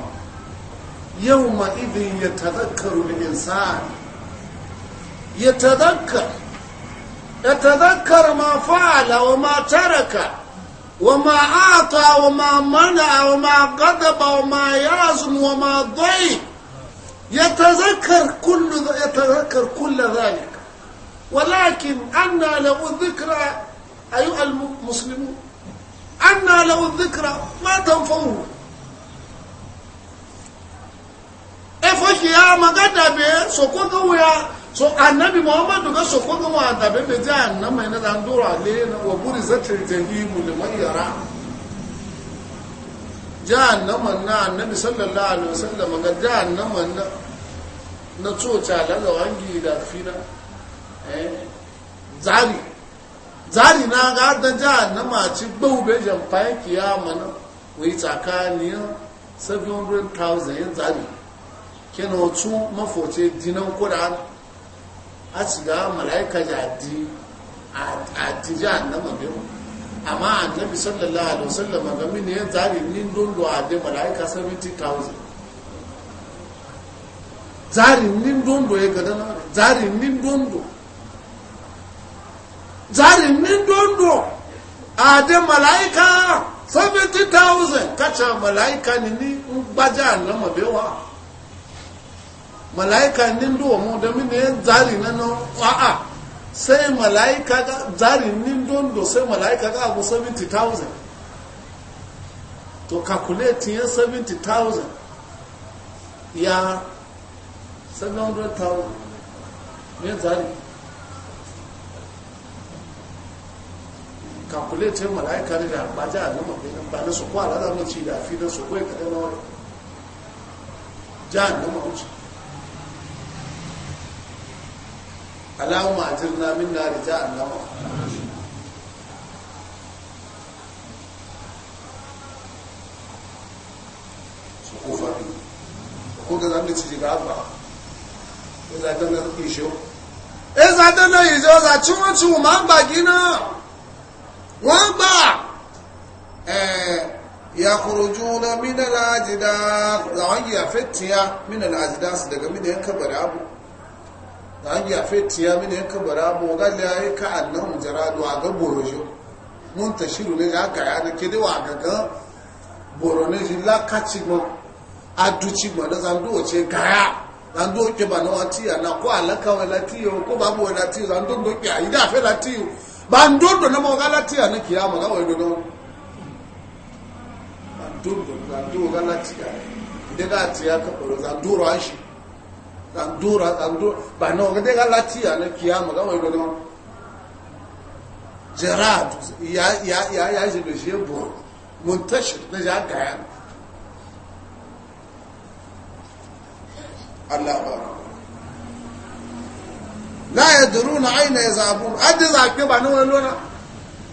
يومئذ يتذكر الإنسان يتذكر يتذكر ما فعل وما ترك وما أعطى وما منع وما غضب وما يعزم وما ضيق يتذكر كل يتذكر كل ذلك ولكن أنا له الذكرى أيها المسلمون أنا له الذكرى ما تنفوه efo so muhammadu ga soko ga dabe be ji annan mai na zandura ale na wa buri zatir jahimu liman yara jahannaman na annabi sallallahu alaihi wasallam ga jahannaman na na tsoca daga wangi da fina eh zari zari na ga dan jahannama ci gbau be jamfa kiyama na wai tsakaniyar 700,000 zari kena otu mafoce dinan kuran a shiga mala'ika jadi a tija na biyu amma annabi sallallahu alaihi wasallam ga mini ya zari ni dondo a dai mala'ika 70,000 zari ni dondo ya gada na zari ni dondo zari nin dondo a dai mala'ika 70,000 kacha mala'ika ni ni gbaja annaba biyu malaika nin duwa mu da ne zari na no a'a sai malaika ga zari nin don do sai malaika ga abu 70000 to calculate yan 70000 ya 700000 ne zari calculate yan malaika ne da ba ja ga mafi ba na su kwala da ci da fi su kada na wani ja ga mu na اجرنا من نار جهنم sukufa bi ko ga zan ci ba ba ko za ta na isho e eh, za ta na zo za ci wancu ma ba gina won ba eh ya juna min na ajdad za wani ya fitiya min al su daga min yan bari abu da an yafe tiya mini yanka bara mu ga laye ka annahum jaradu a ga borojo mun tashiru ne ga ga yana ke wa ga ga borone ji la kachi mo aduchi mo da zan do ce ga ya zan do ke ba na wati ya na ko alaka wa lati yo ko ba bo lati zan do do ya ida fe lati yo ba ndo do na mo ga lati ya na kiyama ga wa do do ba ndo do ga do ga lati ya ida ga tiya ka boro zan do ro an shi an dura dura ba no ga daga latiya ne kiyama e ga wani rodon gerard ya ya ya ya ji da shi bo muntashir da ja ga ya Allah ba la yadruna aina yazabun adda za ke ba no e lona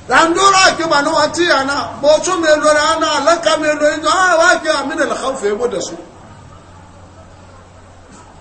dan dura ke ba no atiya na bo chu me lona na laka me lona ah, wa ke amin al khawf yabo e da su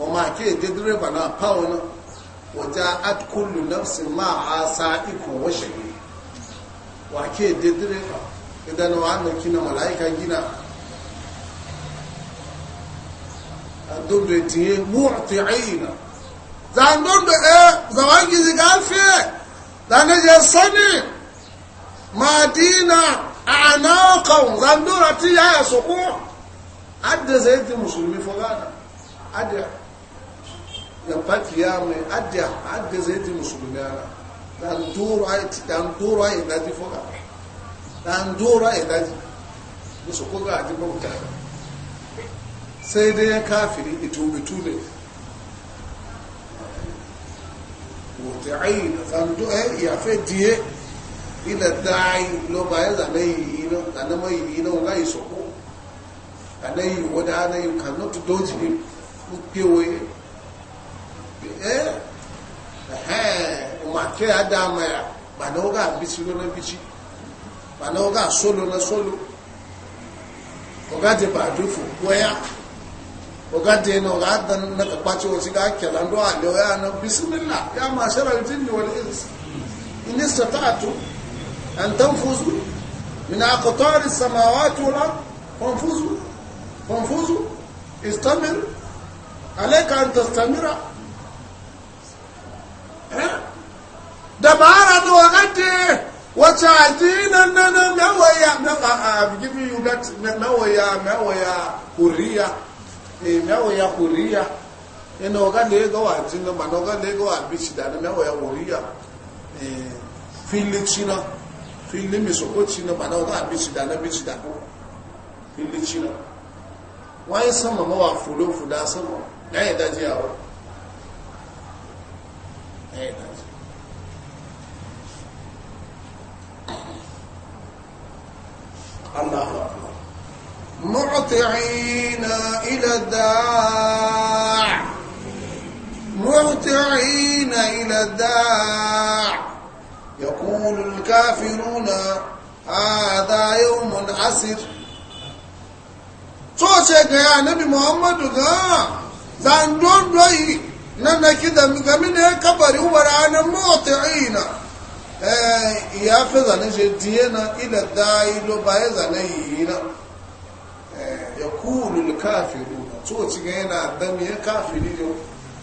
wọ́n máa kí èdè dírẹ́bà náà páwọn náà wọ́n já àtkúlù nọ́ọ̀sì máa á sa ikùn wọ́n ṣègbè wà kí èdè dírẹ́bà idan wa'annan kina mala'ika gina dondo tiye mu'ti'ina zan dondo e zawangi zigafe zan je sani madina anaqan zan dora ya su ko adda zaiti musulmi fogana adda da patriar mai adda adda zai ti musulmi ana dan dora dan dora e daji foka dan dora e daji musu ko ga ji bauta sai dai kafiri ito bitule muti'in dan do e ya fe die ila dai lo ba ya zane yi no dan mai yi no ga iso ko anai wada anai cannot dodge him pure eh eh ma ke ba oga na ba solo na solo de ba dufu na oga dan na ka kwace wasu ga kelan a lo ya na bismillah ya ma sharal jinni wal ins in istata'tu an tanfuzu min aqtar as-samawati wal ard fanfuzu fanfuzu istamir alayka an tastamira dabara na wakati wacati na na na mewaya na ma ah, give you that mewaya mewaya huria e eh, mewaya huria ina eh, oga lego wa jinga ma oga lego wa bichi da na mewaya huria e fili china fili mi soko china ma oga bichi da na bichi da ko fili china why some ma wa fulo fuda some na ya daji awo ɗaya da su Allah akbar mu'ti'ina ila da'a mu'ti'ina ila da'a yaqulu al-kafiruna hadha yawmun 'asir tó ṣe gẹ̀ẹ́ ànábì muhammadu gan-an zandondo yìí nana kidan gamine kabari warana mu'ti'ina eh ya fa zane je diyena ila dai lo zane yina eh yakulu al kafiru to ci ga yana dan ya kafiri jo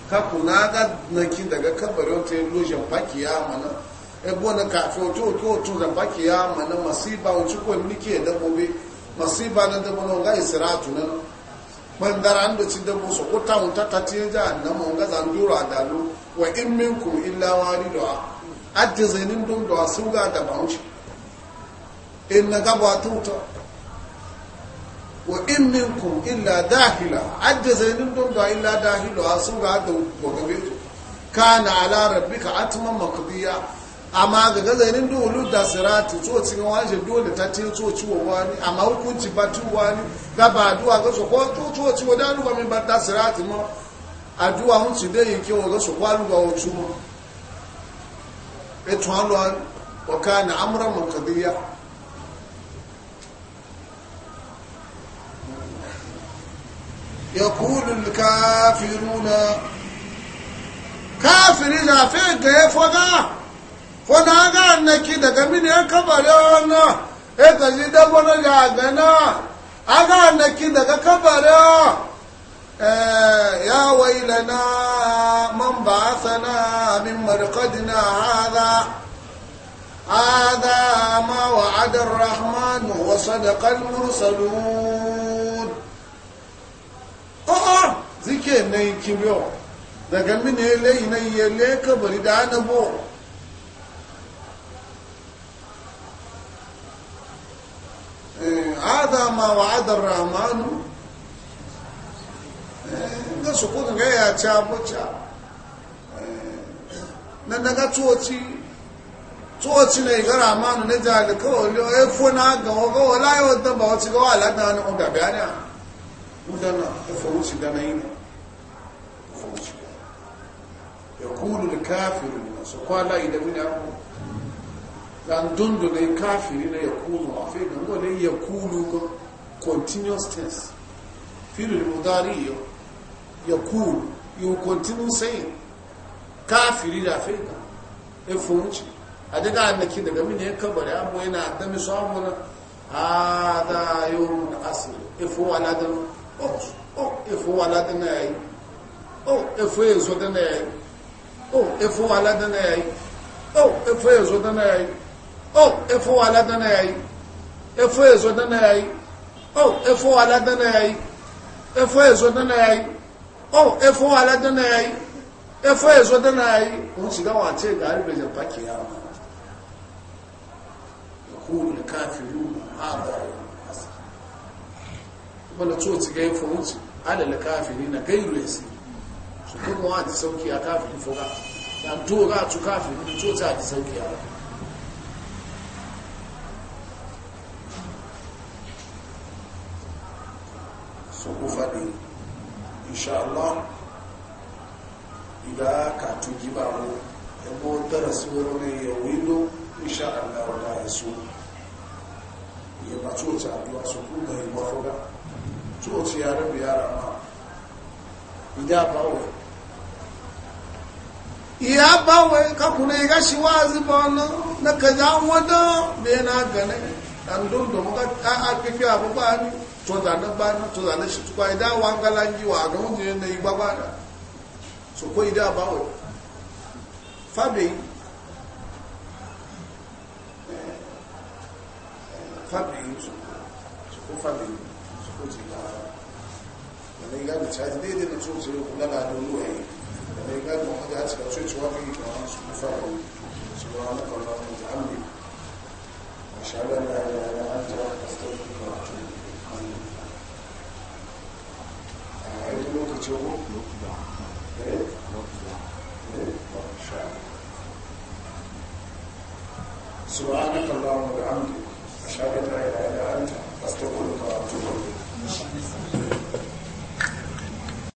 ka kuna ga daga kabari to lo je fakiya mana e bona kafiro to to to da masiba masiba bandaran da ci dabo su ko ta hunta ta ci ja mu ga da lu wa in minku illa walidu adda zainin dum da su ga da bauchi in na ba tuta wa in minku illa dahila adda zainin dum da illa dahila su ga da gobe kana ala rabbika atman maqdiya amma ga gazanin dole da siratu so cikin waje dole ta ce so ciwo wani amma hukunci ba tu wani ga ba ga so ko ciwo da min ba da sirati ma aduwa hun ci dai yake ga so kwa ruwa o ciwo e to Allah wa kana amran muqdiya يقول الكافرون كافر إذا فيه فناغا نكي دغمين كبرانا اذا جدا بنا جاغنا اغا نكي دغ كبرى يا ويلنا من بعثنا من مرقدنا هذا هذا ما وعد الرحمن وصدق المرسلون اه زكي نكي بيو دغمين لي ني لي كبر دانبو هذا ما وعد الرحمن na sukun ga ya ci abuca na daga tsoci tsoci na igara manu na jihar kawai yau ya funa ga wagawa layawar dan ba wacce gawa alaɗa wani ƙunga bayani a mudana ta faruci da na yi na faruci ya kulu da kafin su kwala idan mini randon da ne kafiri na ya kunu a fi ga wani ya kunu ga continuous tense filin mudari yau ya kunu you continue saying kafiri ah, da fi ga efunci a daga annaki daga mini ya kabari abu yana dami su abu na a da yau na asiri efo wala da oh efo wala da na yayi oh efo yanzu da na yayi oh efo wala da na yayi oh efo yanzu da na yayi oh efo wala dana yayi efo ezo dana yayi oh efo wala dana yayi efo ezo dana yayi oh efo wala dana yayi efo ezo dana yayi won shiga wace ga harbe da fake ya يقول الكافرون هذا wanda so ci gai fahimci adala kafiri na gairu ya si su kuma wa ta sauki a kafin fuga ta to ga su kafiri to ta ta sauki a so ku faɗi insha Allah idan ka tuji ba mu yabo darasu wani ya windo insha Allah da ya so ya ba coci addu'a su ku ga yi mafuga coci ya rabu ya rama idan ba wai iya ba wai ka kuna ya shi wazi ba na na kaza wadda me na gane dan dun da muka a fifi abu ba tọ́ta nígbà náà tọ́ta ní ṣètùpá ìdá wa ń gálá ń jí wà àgbà oúnjẹ ní igbá padà sòkó ìdá àbáwọ̀ fábíyì fábíyì sòkó fábíyì sòkó ti gbà wàlẹ̀ ya gbèsè àti déédéé ní tó ti rí kúlá láàrin olú ẹ̀ wàlẹ̀ a yi lokaci ko سبحانك اللهم وبحمدك أشهد أن لا إله إلا أنت أستغفرك وأتوب إليك